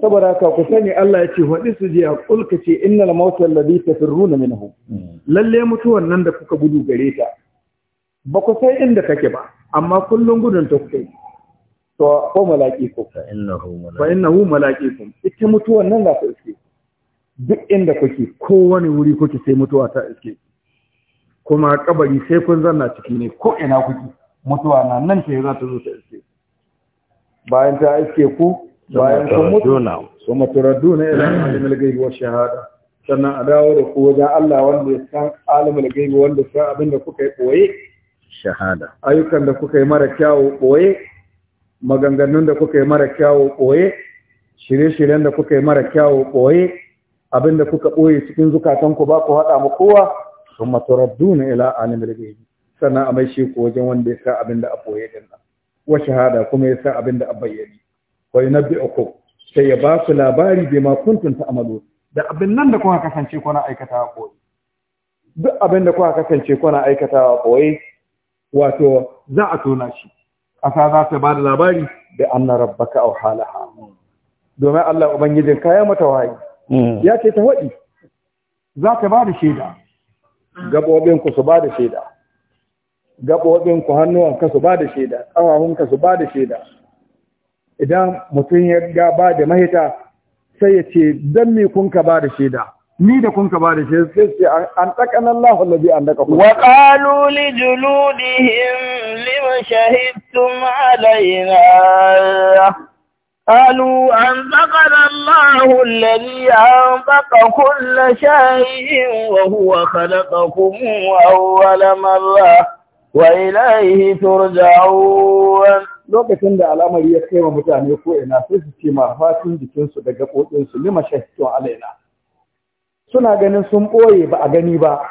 saboda haka ku sani Allah ya ce waɗi su je a ƙulka ce ta fi runa min hu. lalle mutuwan nan da kuka gudu gare ta ba ku sai inda kake ba amma kullum gudun ta yi. to ko ku. fa ina hu malaƙi ku. ita mutuwan nan za ta iske duk inda kuke kowane wuri kuke sai mutuwa ta iske kuma kabari sai kun zanna ciki ne ko ina kuke mutuwa na nan ce za ta zo ta iske bayan ta aike ku bayan kun mutu su maturaduna zama alimul gaibi wa shahada sannan a dawo da ku wajen Allah wanda ya san alimul gaibi wanda san abin da kuka yi boye shahada ayyukan da kuka yi mara kyawu boye maganganun da kuka yi mara kyawu boye shirye-shiryen da kuka yi mara kyawu boye abin da kuka ɓoye cikin ku ba ku haɗa mu kowa sun maturaduna ila alimul gaibi sannan a mai shi ku wajen wanda ya san abin da a boye din nan wa shahada kuma ya sa abin da Wai na wa yunabbi'ukum sai ya ba labari bai ma kuntum ta'malu da abin nan da kuka kasance kuna aikata koyi duk abin da kuka kasance kuna aikata koyi wato za a tona shi ƙasa za ta ba da labari da anna rabbaka aw halaha domin Allah ubangijin kaya mata wayi. Hmm. ya ce ta waɗi za ta ba da shaida hmm. gabobin ku su ba da shaida gaɓoɓin ku hannuwan ka su ba da shaida ƙawahun ka su ba da shaida idan mutum ya ga da mahita sai ya ce 'Zan me kun ka ba da shaida ni da kun ka ba da shaida sai ce an tsakanin Allah allazi an daka ku wa qalu li juludihim lima shahidtum alaina قالوا أنطقنا الله الذي أنطق كل شيء وهو خلقكم أول مرة wa ilaihi turja'un lokacin da al'amari ya kai wa mutane ko ina sai su ce ma fatin daga kokin su lima shahidu alaina suna ganin sun ɓoye ba a gani ba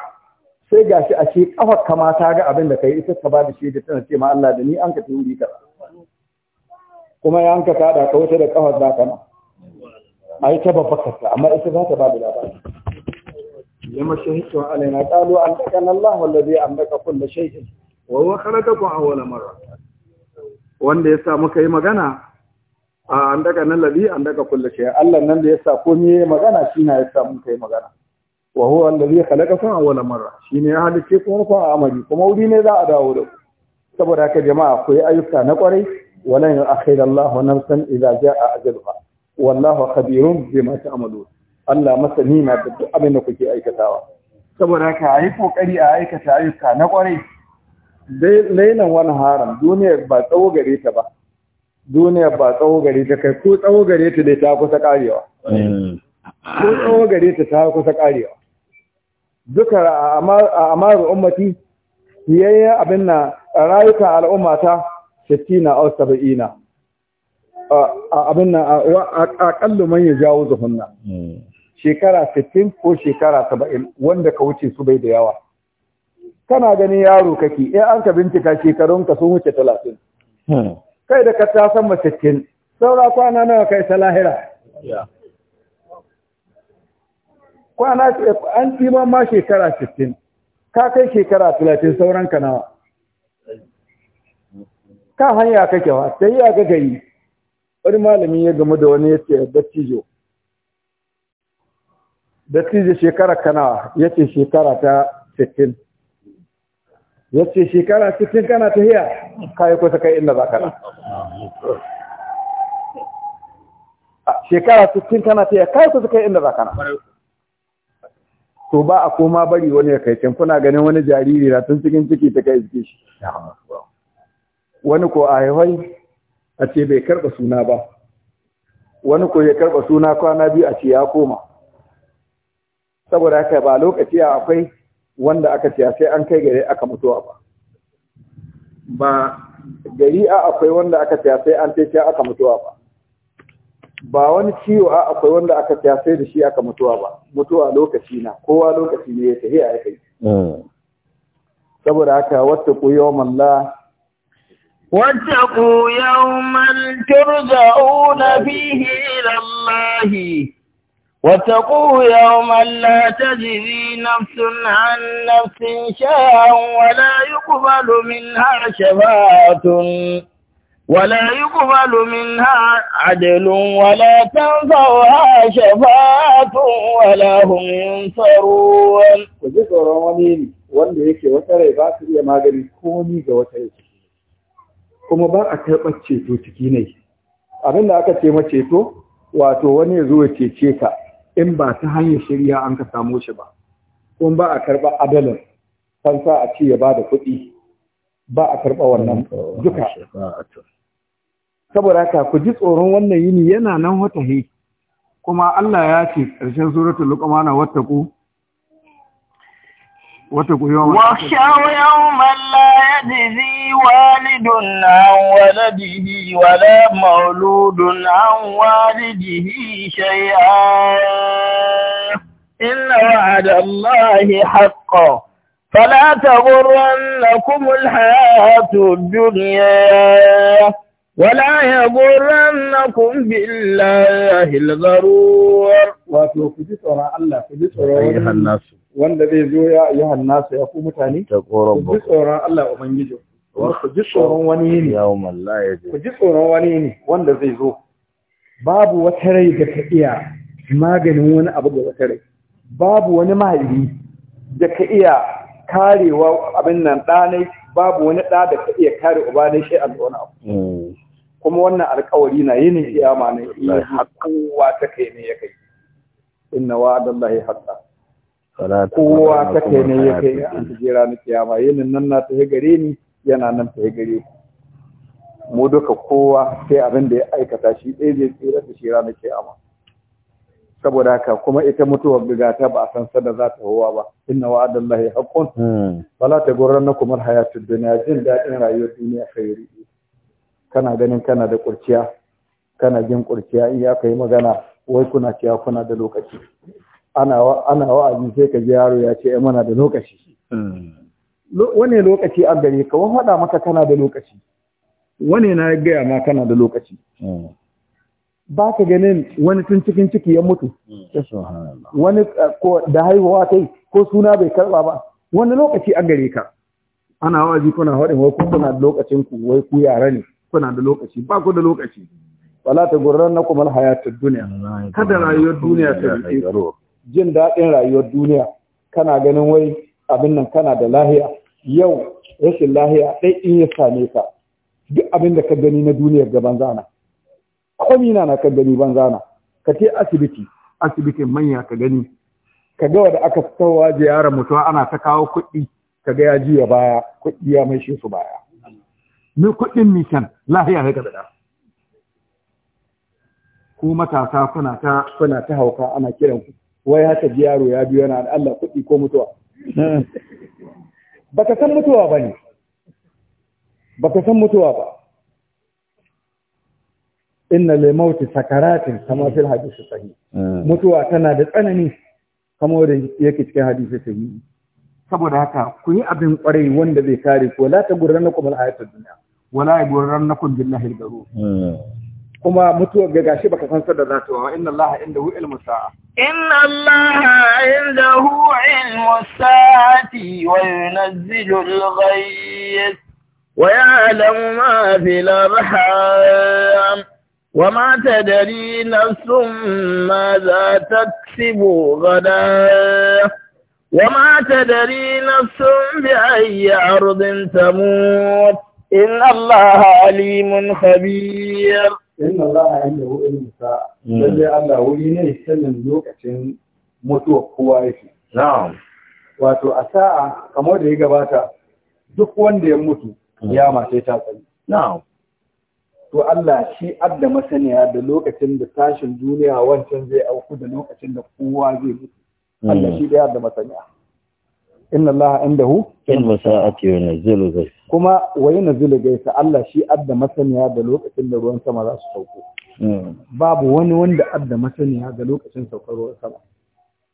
sai gashi a ce kafar kama ta ga abin da kai ita ka ba da shi da tana ce ma Allah da ni an ka tuni ka kuma ya an ka tada ka wuce da kafar da kana ai ta babbakar ta amma ita za ta ba da labari lima shahidu alaina qalu an daga Allah wallazi an daka kullu shay'in wa huwa khalaqakum awwala marra wanda yasa muka yi magana a an daga nan ladhi an daga kullu shay Allah nan da yasa komai yayi magana shi na yasa muka yi magana wa huwa alladhi khalaqakum awwala marra ne ya halice ku ku amari kuma wuri ne za a dawo da ku saboda haka jama'a ku yi ayyuka na kwarai walan Allah wa nafsan idza jaa ajalha wallahu khabirun bima ta'malun Allah masani na da duk abin da kuke aikatawa saboda haka ayi kokari a aikata ayyuka na kwarai lainan wani haram duniya ba tsawo gare ta ba Duniya ba tsawo gare ta kai ko tsawo gare ta dai ta kusa karewa ko tsawo gare ta ta kusa karewa duka a amaru ummati yayyan abin na rayuka al'ummata sittina aw sab'ina abin na a aqallu man ya jawo Zuhunna. Hmm. shekara 60 ko shekara 70 wanda ka wuce su bai da yawa kana ganin yaro kake eh an ka bincika shekarunka sun wuce talatin hmm. kai da ka ta san macaccin saura kwana nawa kai ta lahira kwana an kiman ma shekara 60 ka kai shekara talatin sauran ka nawa ka hanya kake wa sai ya ga gari wani malami ya gamu da wani ya ce dattijo dattijo shekara kana ya ce shekara ta 60 ya ce shekara cikin kana ta hiyar kayi kusa kai inda za ka na shekara cikin kana ta hiyar kayi kusa kai inda za ka na to ba a koma bari wani ya kai can kuna ganin wani jariri na tun cikin ciki ta kai jiki shi wani ko a haifai a ce bai karɓa suna ba wani ko ya karɓa suna kwana biyu a ce ya koma saboda haka ba lokaci akwai wanda aka ce sai an kai gare aka mutuwa ba ba gari a akwai wanda aka ce sai an kai aka mutuwa ba ba wani ciwo a akwai wanda aka ce sai da shi aka mutuwa ba mutuwa lokaci na kowa lokaci ne ya tafi a kai saboda haka wata ku yawman la واتقوا يوما ترجعون فيه إلى الله واتقوا يوما لا تجزي نفس عن نفس شيئا ولا يقبل منها شفاعة ولا يقبل منها عدل ولا تنفعها شفاعة ولا هم ينصرون kuji tsoron wani wanda yake wata rai ba su iya magani komi ga wata yake kuma ba a karɓar ceto ciki ne Abinda aka ce ma ceto, wato wani ya zo ya cece ka in ba ta hanyar shirya an ka samo shi ba kuma ba a karɓa adalin kan sa a ce ya ba da kuɗi ba a karɓa wannan duka saboda haka ku ji tsoron wannan yini yana nan wata he kuma Allah ya ce ƙarshen suratul luqman wattaqu wattaqu yawman wa sha'a yawman la مولود عن ولده ولا مولود عن والده شيئا إن وعد الله حقا فلا تغرنكم الحياة الدنيا ولا يغرنكم بالله الغرور وتوفي الله في الناس وان الذي يا ايها الناس يقوم تاني تقوا الله ومن يجو ku ji tsoron wani ne ku ji tsoron wani ne wanda zai zo babu wata rai da ka iya maganin wani abu da wata rai babu wani mahalli da ka iya karewa abin nan ɗanai babu wani ɗa da ka iya kare uba ne shi a wani abu mm. kuma wannan alkawari na yinin kiyama ne hakuwa ta kai ne ya kai inna wa'adallahi hatta kowa ta kai ne ya kai an jira ni kiyama yin nan na ta gare ni yana nan ta yi gare mu duka kowa sai abin da ya aikata shi ɗaya zai tsira da shi ranar kiyama saboda haka kuma ita mutuwar ta ba a san sada za ta hawa ba inna wa'adan lahi haqqun hmm. wala taghurrannakum alhayatud dunya jin daɗin rayuwar duniya khairi kana ganin kana da kurciya kana jin kurciya in ya kai magana wai kuna cewa kuna da lokaci ana wa'azi sai ka ji yaro ya ce eh, mana da lokaci hmm. wane lokaci a gare ka wani faɗa maka kana da lokaci wane na gaya ma kana da lokaci hmm. ba ka ganin wani tun cikin ciki ya mutu hmm. wani eh, da haihuwa ta yi ko suna bai karɓa ba wani lokaci a gare ka ana wazi kuna haɗin wai ku kuna da lokacin ku wai ku yara ne kuna da lokaci ba ku da lokaci wala ta gurran na kuma hayatar duniya kada rayuwar duniya ta jin daɗin rayuwar duniya kana ganin wai abin nan kana da lahiya yau rashin lahiya ɗai in ya same ka duk abin da ka gani na duniyar ga banzana komi na na ka gani banzana ka ce asibiti asibitin manya ka gani ka ga wanda aka fitowa ziyarar mutuwa ana ta kawo kuɗi ka ga ya ya baya kuɗi ya mai shi su baya ni kuɗin nishan, lahiya ne ka da ku matasa suna ta suna ta hauka ana kiran ku wai haka ji ya biyo yana da Allah kuɗi ko mutuwa baka san mutuwa ba ne baka san mutuwa ba inna sakaratin kama fil hadisi eh. mutuwa tana da tsanani kama da yake cikin hadisi sahihi saboda haka ku yi abin kwarai wanda zai kare ku la ta gurrannakum al hayatud dunya wala yagurrannakum billahi al-ghurur eh. kuma mutuwar ga gashi baka san sadar zata wa inna allaha indahu ilmu sa'a inna allaha indahu ilmu sa'ati wa yunzilu al-ghayth wa ya'lamu ma fil arham wa ma tadri nafsun ma za taksibu ma tadri nafsun bi بأي ardin tamut inna allaha alimun khabir inna Allah inda yi ilmu sa'a hmm. lalle Allah wuri ne sanin lokacin mutuwar kowa yake na'am wato a sa'a kamar da ya gabata duk wanda ya mutu hmm. ya mace ta tsani na'am to Allah shi adda masaniya da lokacin da tashin duniya wancan zai auku da lokacin da kowa zai mutu hmm. Allah shi da adda masaniya inna Allah indahu ilmu sa'ati wa nazilu kuma wa Allah shi adda masaniya da lokacin da ruwan sama za su sauko hmm. babu wani wanda adda masaniya da lokacin saukar ruwan sama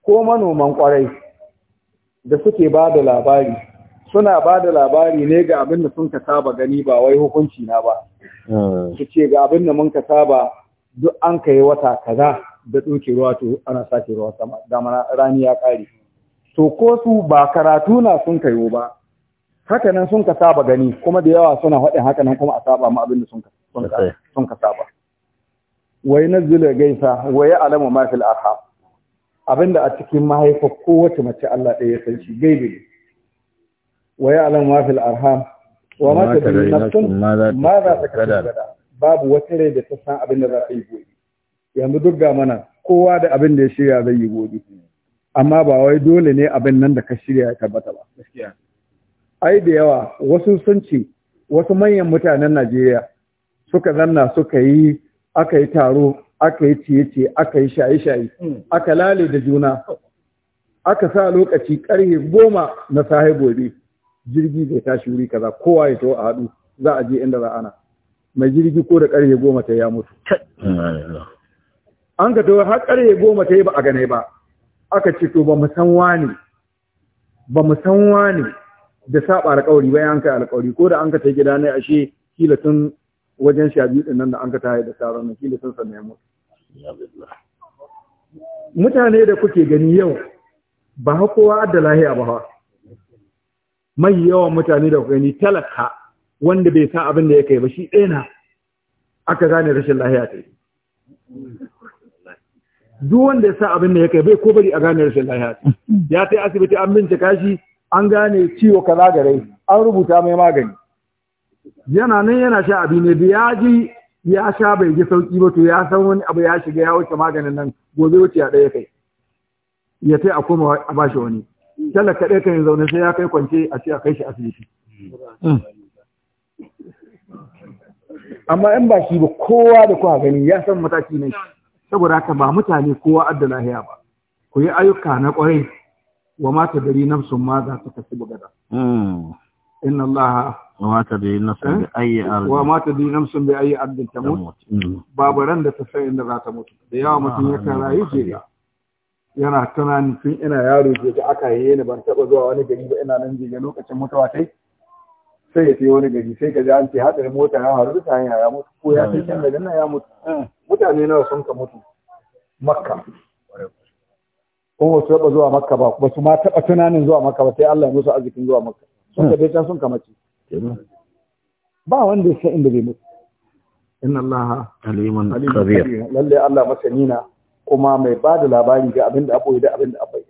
ko manoman kwarai da suke ba da labari suna ba da labari ne ga abin da sun ka saba gani ba wai hukunci na ba hmm. su ce ga abin da mun ka saba duk an kai wata kaza da ɗauke ruwa to ana sake ruwa sama da rani ya ƙare to ko su ba karatu na sun kayo ba haka nan sun ka saba gani kuma da yawa suna haɗin haka nan kuma a saba ma abin da sun ka saba wai na nazzila gaisa wai alama ma fil arha abinda a cikin mahaifa kowace mace Allah ɗaya ya san shi gaibi ne wai alama ma fil arham wa ma ta bi nafsun ma za ta kada babu wata rai da ta san abin da za ta yi gobe yanzu duk ga mana kowa da abin da ya shirya zai yi gobe amma ba wai dole ne abin nan da ka shirya ya tabbata ba ai da yawa wasu sun ce wasu manyan mutanen Najeriya suka zanna suka yi aka yi taro aka yi ciye-ciye aka yi shaye-shaye hmm. aka lale da juna aka sa lokaci karhe goma na sahi gobe jirgi zai tashi wuri kaza kowa ya to a haɗu za a je inda za ana mai jirgi ko da karhe goma ta ya mutu an ka to har karhe goma ta yi ba a ganai ba aka ce to ba mu san wani ba mu san wani da saba alƙawari bayan an kai alƙawari ko da an ka ta gida ne ashe kila tun wajen sha biyu din nan da an ka tayi da tsaron, nan kila sun sanya mu mutane da kuke gani yau ba kowa adda lahiya ba mai yawan mutane da kuka gani talaka wanda bai sa abin da ya kai ba shi ɗaya na aka gane rashin lahiya ta yi duk wanda ya sa abin da ya kai bai ko bari a gane rashin lafiya ya ta asibiti an bincika kashi, an gane ciwo kaza gare an rubuta mai magani yana nan yana sha abin ne da ya ji ya sha bai ji sauki ba to ya san wani abu ya shiga ya wuce maganin nan gobe wuce ya ɗaya kai ya tai a koma a bashi wani talaka ɗaya kan zaune sai ya kai kwance a ce a kai shi asibiti amma in ba shi ba kowa da kowa gani ya san mataki ne shi saboda haka ba mutane kowa adda lahiya ba ku yi ayyuka na ƙwarai wa mata ta dari sun ma za ta kasu bugada hmm. inna Allah wa mata ta dari sun bi ayi eh? ardin wa ma ta dari nafsun bi ayi ardin ta mutu hmm. babu ran da ta san inda za ta mutu da yawa mutum ah, ya kan rayu je yana tunanin tun ina yaro je ga aka yi ni ban taba zuwa wani gari ba ina nan je lokacin mutuwa tai sai ya fi wani gari sai ka ji an ce hadarin mota ya haru da hanya ya mutu ko ya fi kan daga nan ya mutu eh. mutane nawa sun ka mutu makka Kuma wasu taɓa zuwa makka ba ba su ma taɓa tunanin zuwa makka ba sai Allah ya musu arzikin zuwa makka sun ka can sun mace. ba wanda ya san inda zai mutu inna Allah alimun kabir lalle Allah masani na kuma mai ba da labari ga abin da abu da abin da abai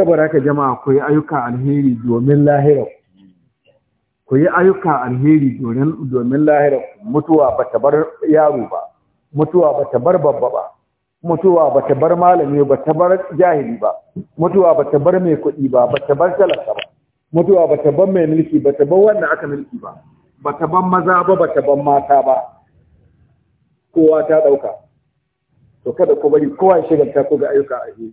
saboda haka jama'a ku yi ayyuka alheri domin lahira ku yi ayyuka alheri domin domin lahira mutuwa ba ta bar yaro ba mutuwa ba ta bar babba ba mutuwa ba ta bar malami ba ta bar jahili ba mutuwa ba ta bar mai kuɗi ba ba ta bar talaka ba mutuwa ba ta bar mai mulki ba ta bar wanda aka mulki ba ba ta bar maza ba ba ta bar mata ba kowa ta ɗauka to kada ku bari kowa ya shigar ta ku ga ayyuka a jini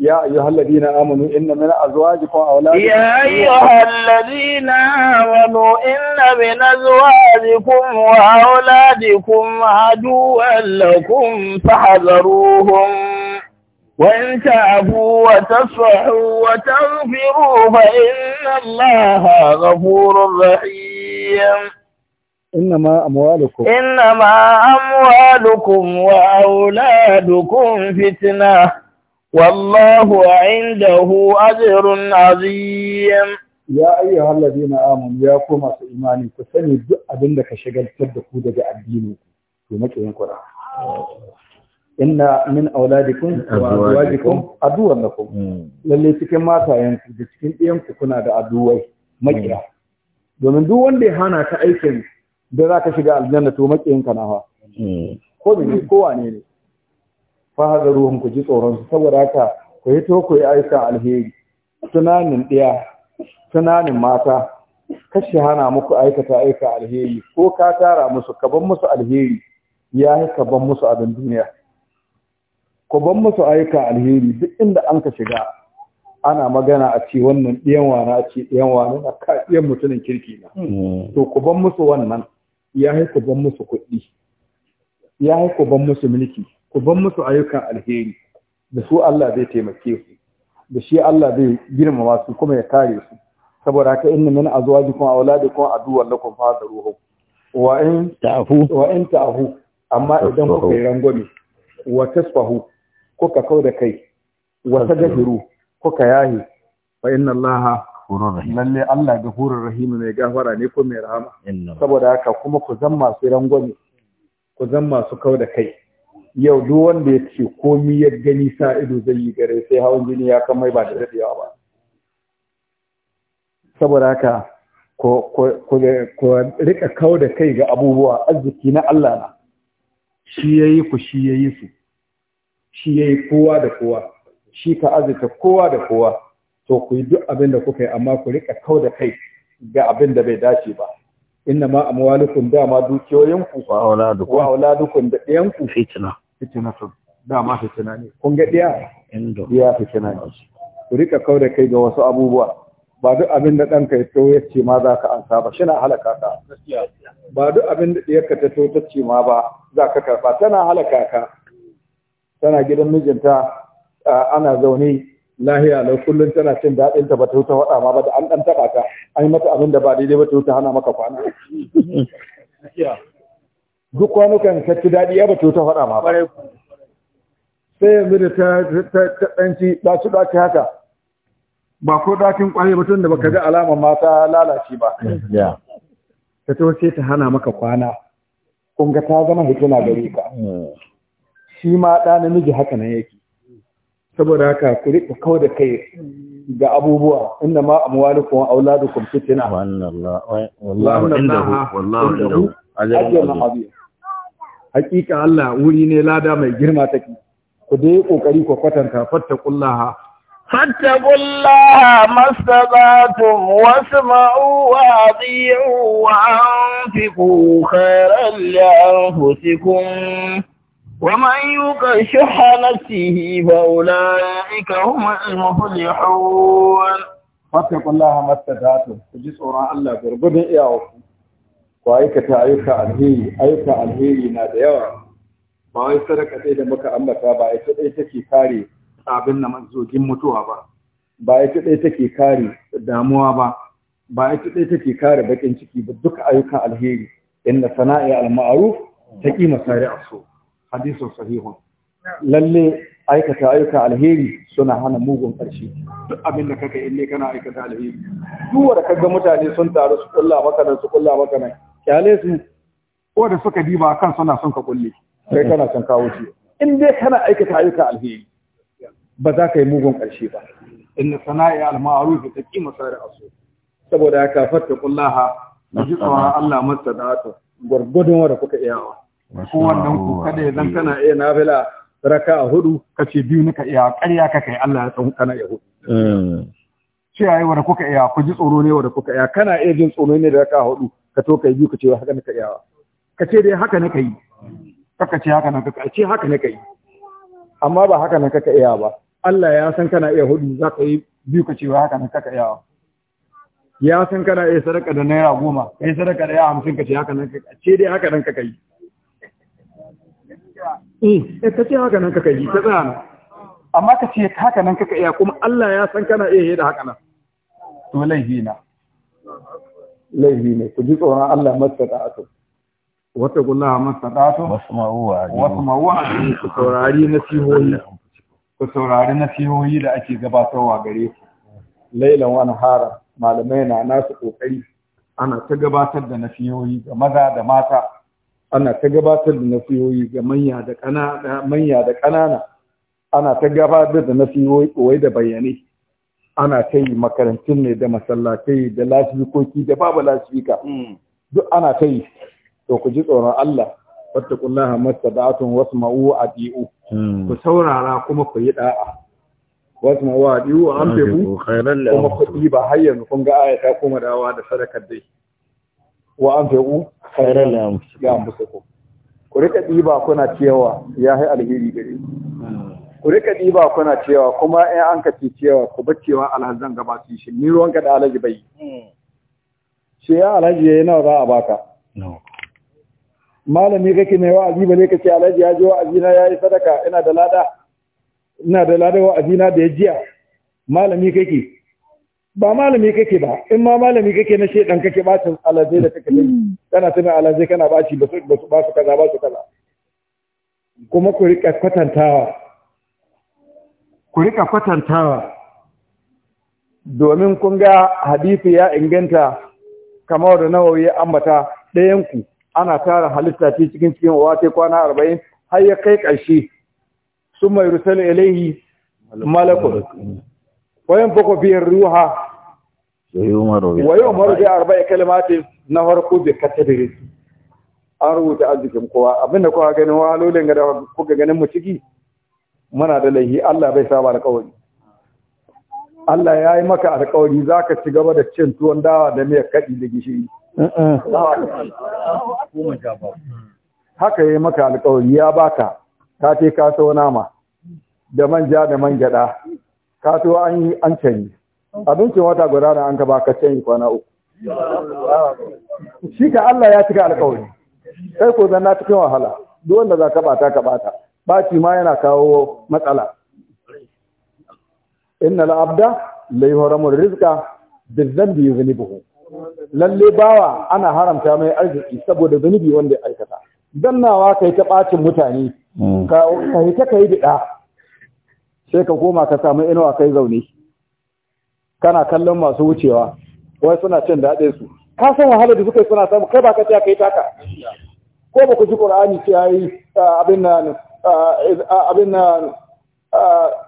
يا أيها الذين آمنوا إن من أزواجكم وأولادكم يا أيها الذين آمنوا إن من أزواجكم وأولادكم عدوا لكم فاحذروهم وإن تعفوا وتصفحوا وتغفروا فإن الله غفور رحيم إنما أموالكم إنما أموالكم وأولادكم فتنة والله عنده أجر عظيم ya ayyu halladina amanu ya ko masu imani ku sani duk ka shagaltar da ku daga addini to makiyin kura inna min auladikum wa azwajikum aduwwan lakum hmm. lalle cikin matayen ku da cikin ɗiyan kuna da aduwai makiya domin duk wanda ya hana ka aikin da za ka shiga aljanna to makiyin ka na ha hmm. ko ne ko wane ne ruhun ku ji tsoron su saboda haka ku yi to ku yi aikin alheri tunanin ɗaya tunanin mata kashi hana muku aikata aika alheri ko ka tara musu ka ban musu alheri ya yi ka ban musu abin duniya ku ban musu aika alheri duk inda an ka shiga ana magana a ce wannan ɗiyan wana a ce ɗiyan wana na ka ɗiyan mutumin kirki na hmm. to ku ban musu wannan ya yi ku ban musu kuɗi ya yi ku ban musu mulki ku ban musu ayyukan alheri da su Allah zai taimake su da shi Allah zai girmama su kuma ya kare su saboda haka inna min azwajikum auladikum aduwwan lakum fahdaruhu wa in ta'fu wa in ta'fu amma idan kuka yi rangwame wa tasfahu ka kauda kai wa tadhiru ka yahi fa inna allaha lalle Allah hurur rahim mai gafara ne ko mai rahama saboda haka kuma ku zama su rangwame ku zama su kauda kai yau duk wanda ya ce komi ya gani sa ido zai yi gare sai hawan jini ya kamai ba da daɗewa ba saboda haka ko rika kau da kai ga abubuwa arziki na Allah na shi ya yi ku shi yayi su shi yayi kowa da kowa shi ka azuta kowa da kowa to ku yi duk abin da kuka yi amma ku rika kau da kai ga abin da bai dace ba inna ma amwalukum dama dukiyoyinku wa auladukum da fitna fitinatun dama fitina ne kun ga fitina ne ku rika kau da kai ga wasu abubuwa ba duk abin da ɗanka ya ya ce ma za ka ansa ba shi na halaka ka ba duk abin da ɗiyarka ta ta ce ma ba za ka karɓa tana halaka ka tana gidan mijinta ana zaune lahiya lau kullum tana cin daɗin ta ba ta wuta faɗa ma ba da an ɗan taɓa ta an yi mata abin da ba daidai ba ta wuta hana maka kwana duk kwanukan ka ci daɗi ya bato ta faɗa ma ba sai yanzu da ta ɗanci ɗaci ɗaci haka ba ko ɗacin ƙwaye tun da baka ga alama ma ta lalace ba ta to sai ta hana maka kwana kun ta zama hikima gare ka shi ma ɗa namiji haka na yake saboda haka ku riƙa kau da kai ga abubuwa inda ma amwalukum wa auladukum fitna wallahu wallahu indahu wallahu indahu ajrun azim hakika Allah wuri ne lada mai girma take ku dai kokari ku kwatanta fattaqullaha fattaqullaha mastabatum wasma'u wa ati'u wa anfiqu khairan li anfusikum ومن يوق شح نفسه فأولئك هم المفلحون فاتقوا الله ما استطعتم تجسوا الله بربنا إياكم ku aikata ayyuka alheri ayyuka alheri na da yawa ba wai sadaka sai da muka ambata ba ita dai take kare abin na mazogin mutuwa ba ba ita dai take kare damuwa ba ba ita dai take kare bakin ciki ba duka ayyuka alheri inna sana'i al-ma'ruf taqima sari'a as-su hadithun sahihun lalle aikata ayyukan alheri suna hana mugun ƙarshe duk abin da kaka in ne kana aikata alheri duk wanda kaga mutane sun taru su kulla maka nan su kulla maka nan kyale su ko suka diba kan suna son ka kulle kai mm-hmm. kana son kawo shi in dai kana aikata ayyukan alheri ba za ka yi mugun ƙarshe ba inna sana'i al-ma'ruf taqima sari asu saboda haka fattaqullaha ji tsoron Allah ta. gurgudun wanda kuka iyawa ko wannan ku kada zan kana iya nafila raka a hudu kace biyu nika iya ƙarya ka kai Allah ya san kana hmm. ya hudu ce yi wadda kuka iya ku ji tsoro ne wadda kuka iya kana iya jin tsoro ne da raka hudu ka to ka yi biyu ka ce haka nika iya ka ce dai haka nika yi kaka ce haka nika ce haka nika yi amma ba haka na kaka iya ba Allah ya san kana iya hudu za ka yi biyu ka ce haka na kaka iya ya san kana iya sadaka da naira goma kai sadaka da ya hamsin ka ce haka nan ce dai haka nan ka yi Eh, eh ka ce haka nan kaka yi ta tsaya amma ka ce haka nan kaka iya kuma Allah ya san kana iya yi da haka nan to laifi na laifi ne ku ji tsoron Allah masu mastata'atu wata kula mastata'atu wasma'u wa ku saurari nasihohi ku saurari na nasihohi da ake gabatarwa gare ku lailan wani hara malamai na nasu kokari ana ta gabatar da na nasihohi ga maza da mata ana ta gabatar da nasihohi ga manya da ƙanana ana ta gabatar da nasihohi da bayyane. ana ta yi makarantun ne da masallatai da lasifikoki da babu lasifika hmm. duk ana ta yi to ku ji tsoron Allah wasu ma'uwa a ɗi'u ku saurara kuma ku yi ɗa'a. Wasu ma'uwa a adi'u an febu kuma ku ba har yanzu kun ga ta kuma dawa da sadakar dai wa an fi'u khairan la musu ku Ku rika diba kuna cewa ya hai alheri gare ku rika diba kuna cewa kuma in an ka ci cewa ku cewa alhazan gaba su shi ni ka da alhaji bai shi ya alhaji yayi nawa za a baka malami kake mai wa'azi ba ne kace alhaji ya ji wa'azi na yayi sadaka ina da lada ina da lada wa'azi na da yajiya malami kake ba malami kake ba in ma malami kake na shedan kake bacin alazai da kake dai kana tuna alazai kana baci ba su ba su kaza ba su kaza kuma ku rika kwatantawa ku rika kwatantawa domin kun ga hadisi ya inganta kamar da nawawi ya ambata ɗayan ku ana tara halitta ce cikin cikin uwa sai kwana arba'in har ya kai ƙarshe sun mai rusali ilaihi malakun وينفخ فيه الروح ويؤمر بأربع كلمات نهرق بكتبه an rubuta arzikin kowa abinda kowa ganin wahalolin da kuka ganin mu ciki muna da laihi Allah bai saba alƙawari Allah ya yi maka alƙawari za ka ci gaba da cin tuwon dawa da miyar kaɗi da gishiri haka ya yi maka alƙawari ya baka ta ce ka sau nama da manja da man gyaɗa Kasuwa an yi an canyi abincin wata guda da an ka ka canyi kwana uku shi ka Allah ya cika alkawari sai ko zanna cikin wahala duk wanda za ka bata ka bata baci ma yana kawo matsala Inna innal abda la yuhramu rizqa dhanbi buhu. lalle bawa ana haramta mai arziki saboda zunubi wanda ya aikata dannawa kai ta bacin mutane hmm. ka ka ta kai bid'a sai ka koma ka samu inuwa kai zaune kana kallon masu wucewa wai suna cin daɗin su ka san wahalar da suka yi suna samu kai ba ka ce kai taka ko ba ku ji qur'ani sai yayi abin nan abin nan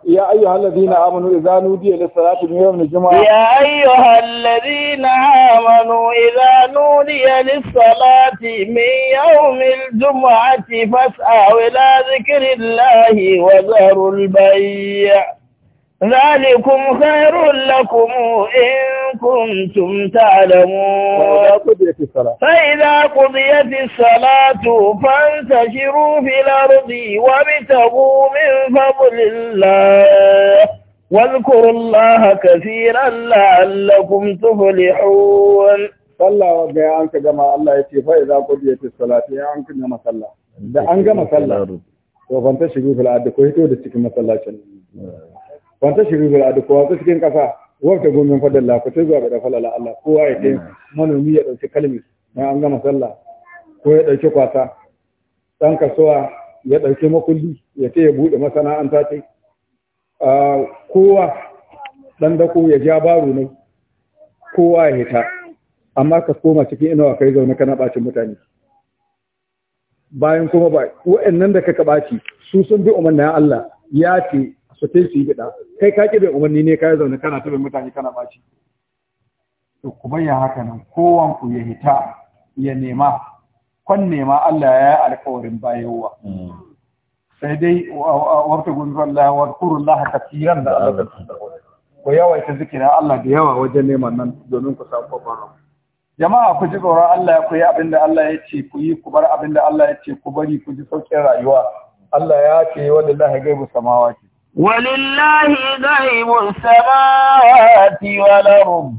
يا أيها الذين آمنوا إذا نودي للصلاة من يوم الجمعة يا أيها الذين آمنوا إذا نودي للصلاة من يوم الجمعة فاسعوا إلى ذكر الله وذروا البيع ذلكم خير لكم إن كنتم تعلمون فإذا قضيت الصلاة فانتشروا في الأرض وابتغوا من فضل الله واذكروا الله كثيرا لعلكم تفلحون صلى وجه أنك جماعة الله يتي فإذا قضيت الصلاة يا أنك جماعة صلى ده أنك مسلا وفانتشروا في الأرض كويتو دستك مسلا wanta shirin bil adu kowa cikin kasa wata gumin fadalla ku ta zuwa ga falala Allah kowa ya kai manomi ya dauki kalmi na an gama sallah ko ya dauki kwasa dan kasuwa ya dauki makulli ya ce ya bude masana'anta ce kowa dan dako ya ja baro ne kowa ya hita amma ka koma cikin inawa kai zaune kana bacin mutane bayan kuma ba wa'annan da kaka baci su sun bi umarnin Allah ya ce su su yi gida kai ka kibe umarni ne ka zaune kana tabe mutane kana baci to ku bayya haka nan kowan ku ya hita ya nema kwan nema Allah ya yi alkawarin bayowa sai dai warta gunzon Allah wa kurullah kafiran da Allah ku yawaita zikirin Allah da yawa wajen neman nan domin ku samu babban jama'a ku ji tsoron Allah ku yi abin da Allah ya ce ku yi ku bar abin da Allah ya ce ku bari ku ji sauƙin rayuwa Allah ya ce wallahi gaibu samawati ولله غيب السماوات والأرض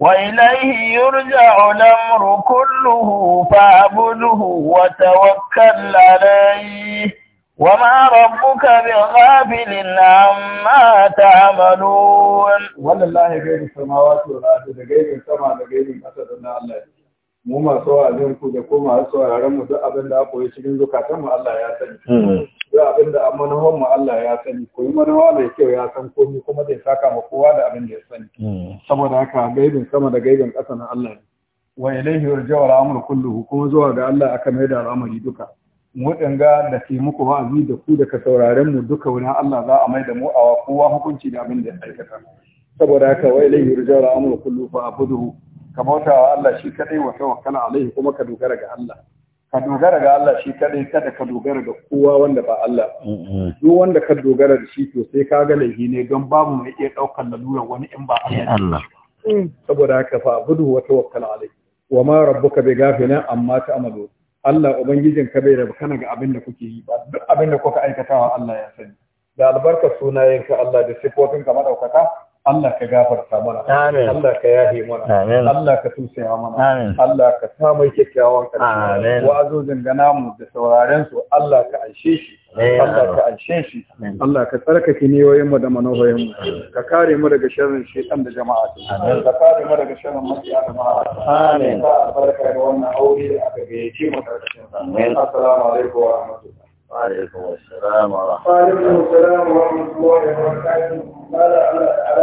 وإليه يرجع الأمر كله فاعبده وتوكل عليه وما ربك بغافل عما تعملون ولله غيب السماوات والأرض غير السماء غير الأرض الله mu masu wa'azin ku da kuma masu sauraron mu duk abin da aka yi cikin zukatan mu Allah ya sani kuma abin da manufar mu Allah ya sani ko yi manufa mai kyau ya san komi kuma zai saka ma kowa da abin da ya sani hmm. saboda haka gaibin sama da gaibin ƙasa na Allah ne wa ilaihi yurja'u al-amru kulluhu kuma zuwa ga Allah aka mai da al'amari duka ga da ke muku wa'azi da ku daga sauraren mu duka wani Allah za a mai da mu a kowa hukunci da abin da ya aikata saboda haka wa ilaihi yurja'u al-amru kulluhu fa abuduhu ka bauta wa Allah shi kadai wa tawakkala alaihi kuma ka dogara ga Allah ka dogara ga Allah shi kadai kada ka dogara ga kowa wanda ba Allah duk wanda ka dogara da shi to sai ka ga laifi ne don babu mai iya daukan lalurar wani in ba Allah mm. saboda haka fa budu wa tawakkal alai wa ma rabbuka bi gafina amma ta'malu Allah ubangijin ka bai rabu kana ga abin da kuke yi ba duk abin da kuka aikatawa Allah ya sani da albarkar sunayenka Allah da sifofin ka madaukaka Allah ka gafarta mana amin Allah ka yafe mana amin Allah ka tusaya mana amin Allah ka sa mai kyakkyawan karshe amin wa'azozin ga namu da sauraren su Allah ka anshe shi Allah ka anshe shi Allah ka tsarkake niyoyin mu da manohoyin mu ka kare mu daga sharrin shaytan da jama'a ka kare mu daga sharrin masiya da ma'a amin ba albarka da wannan aure da aka gayyace mu karshen amin assalamu alaikum wa rahmatullahi وعليكم السلام ورحمة الله وعليكم السلام ورحمة الله وبركاته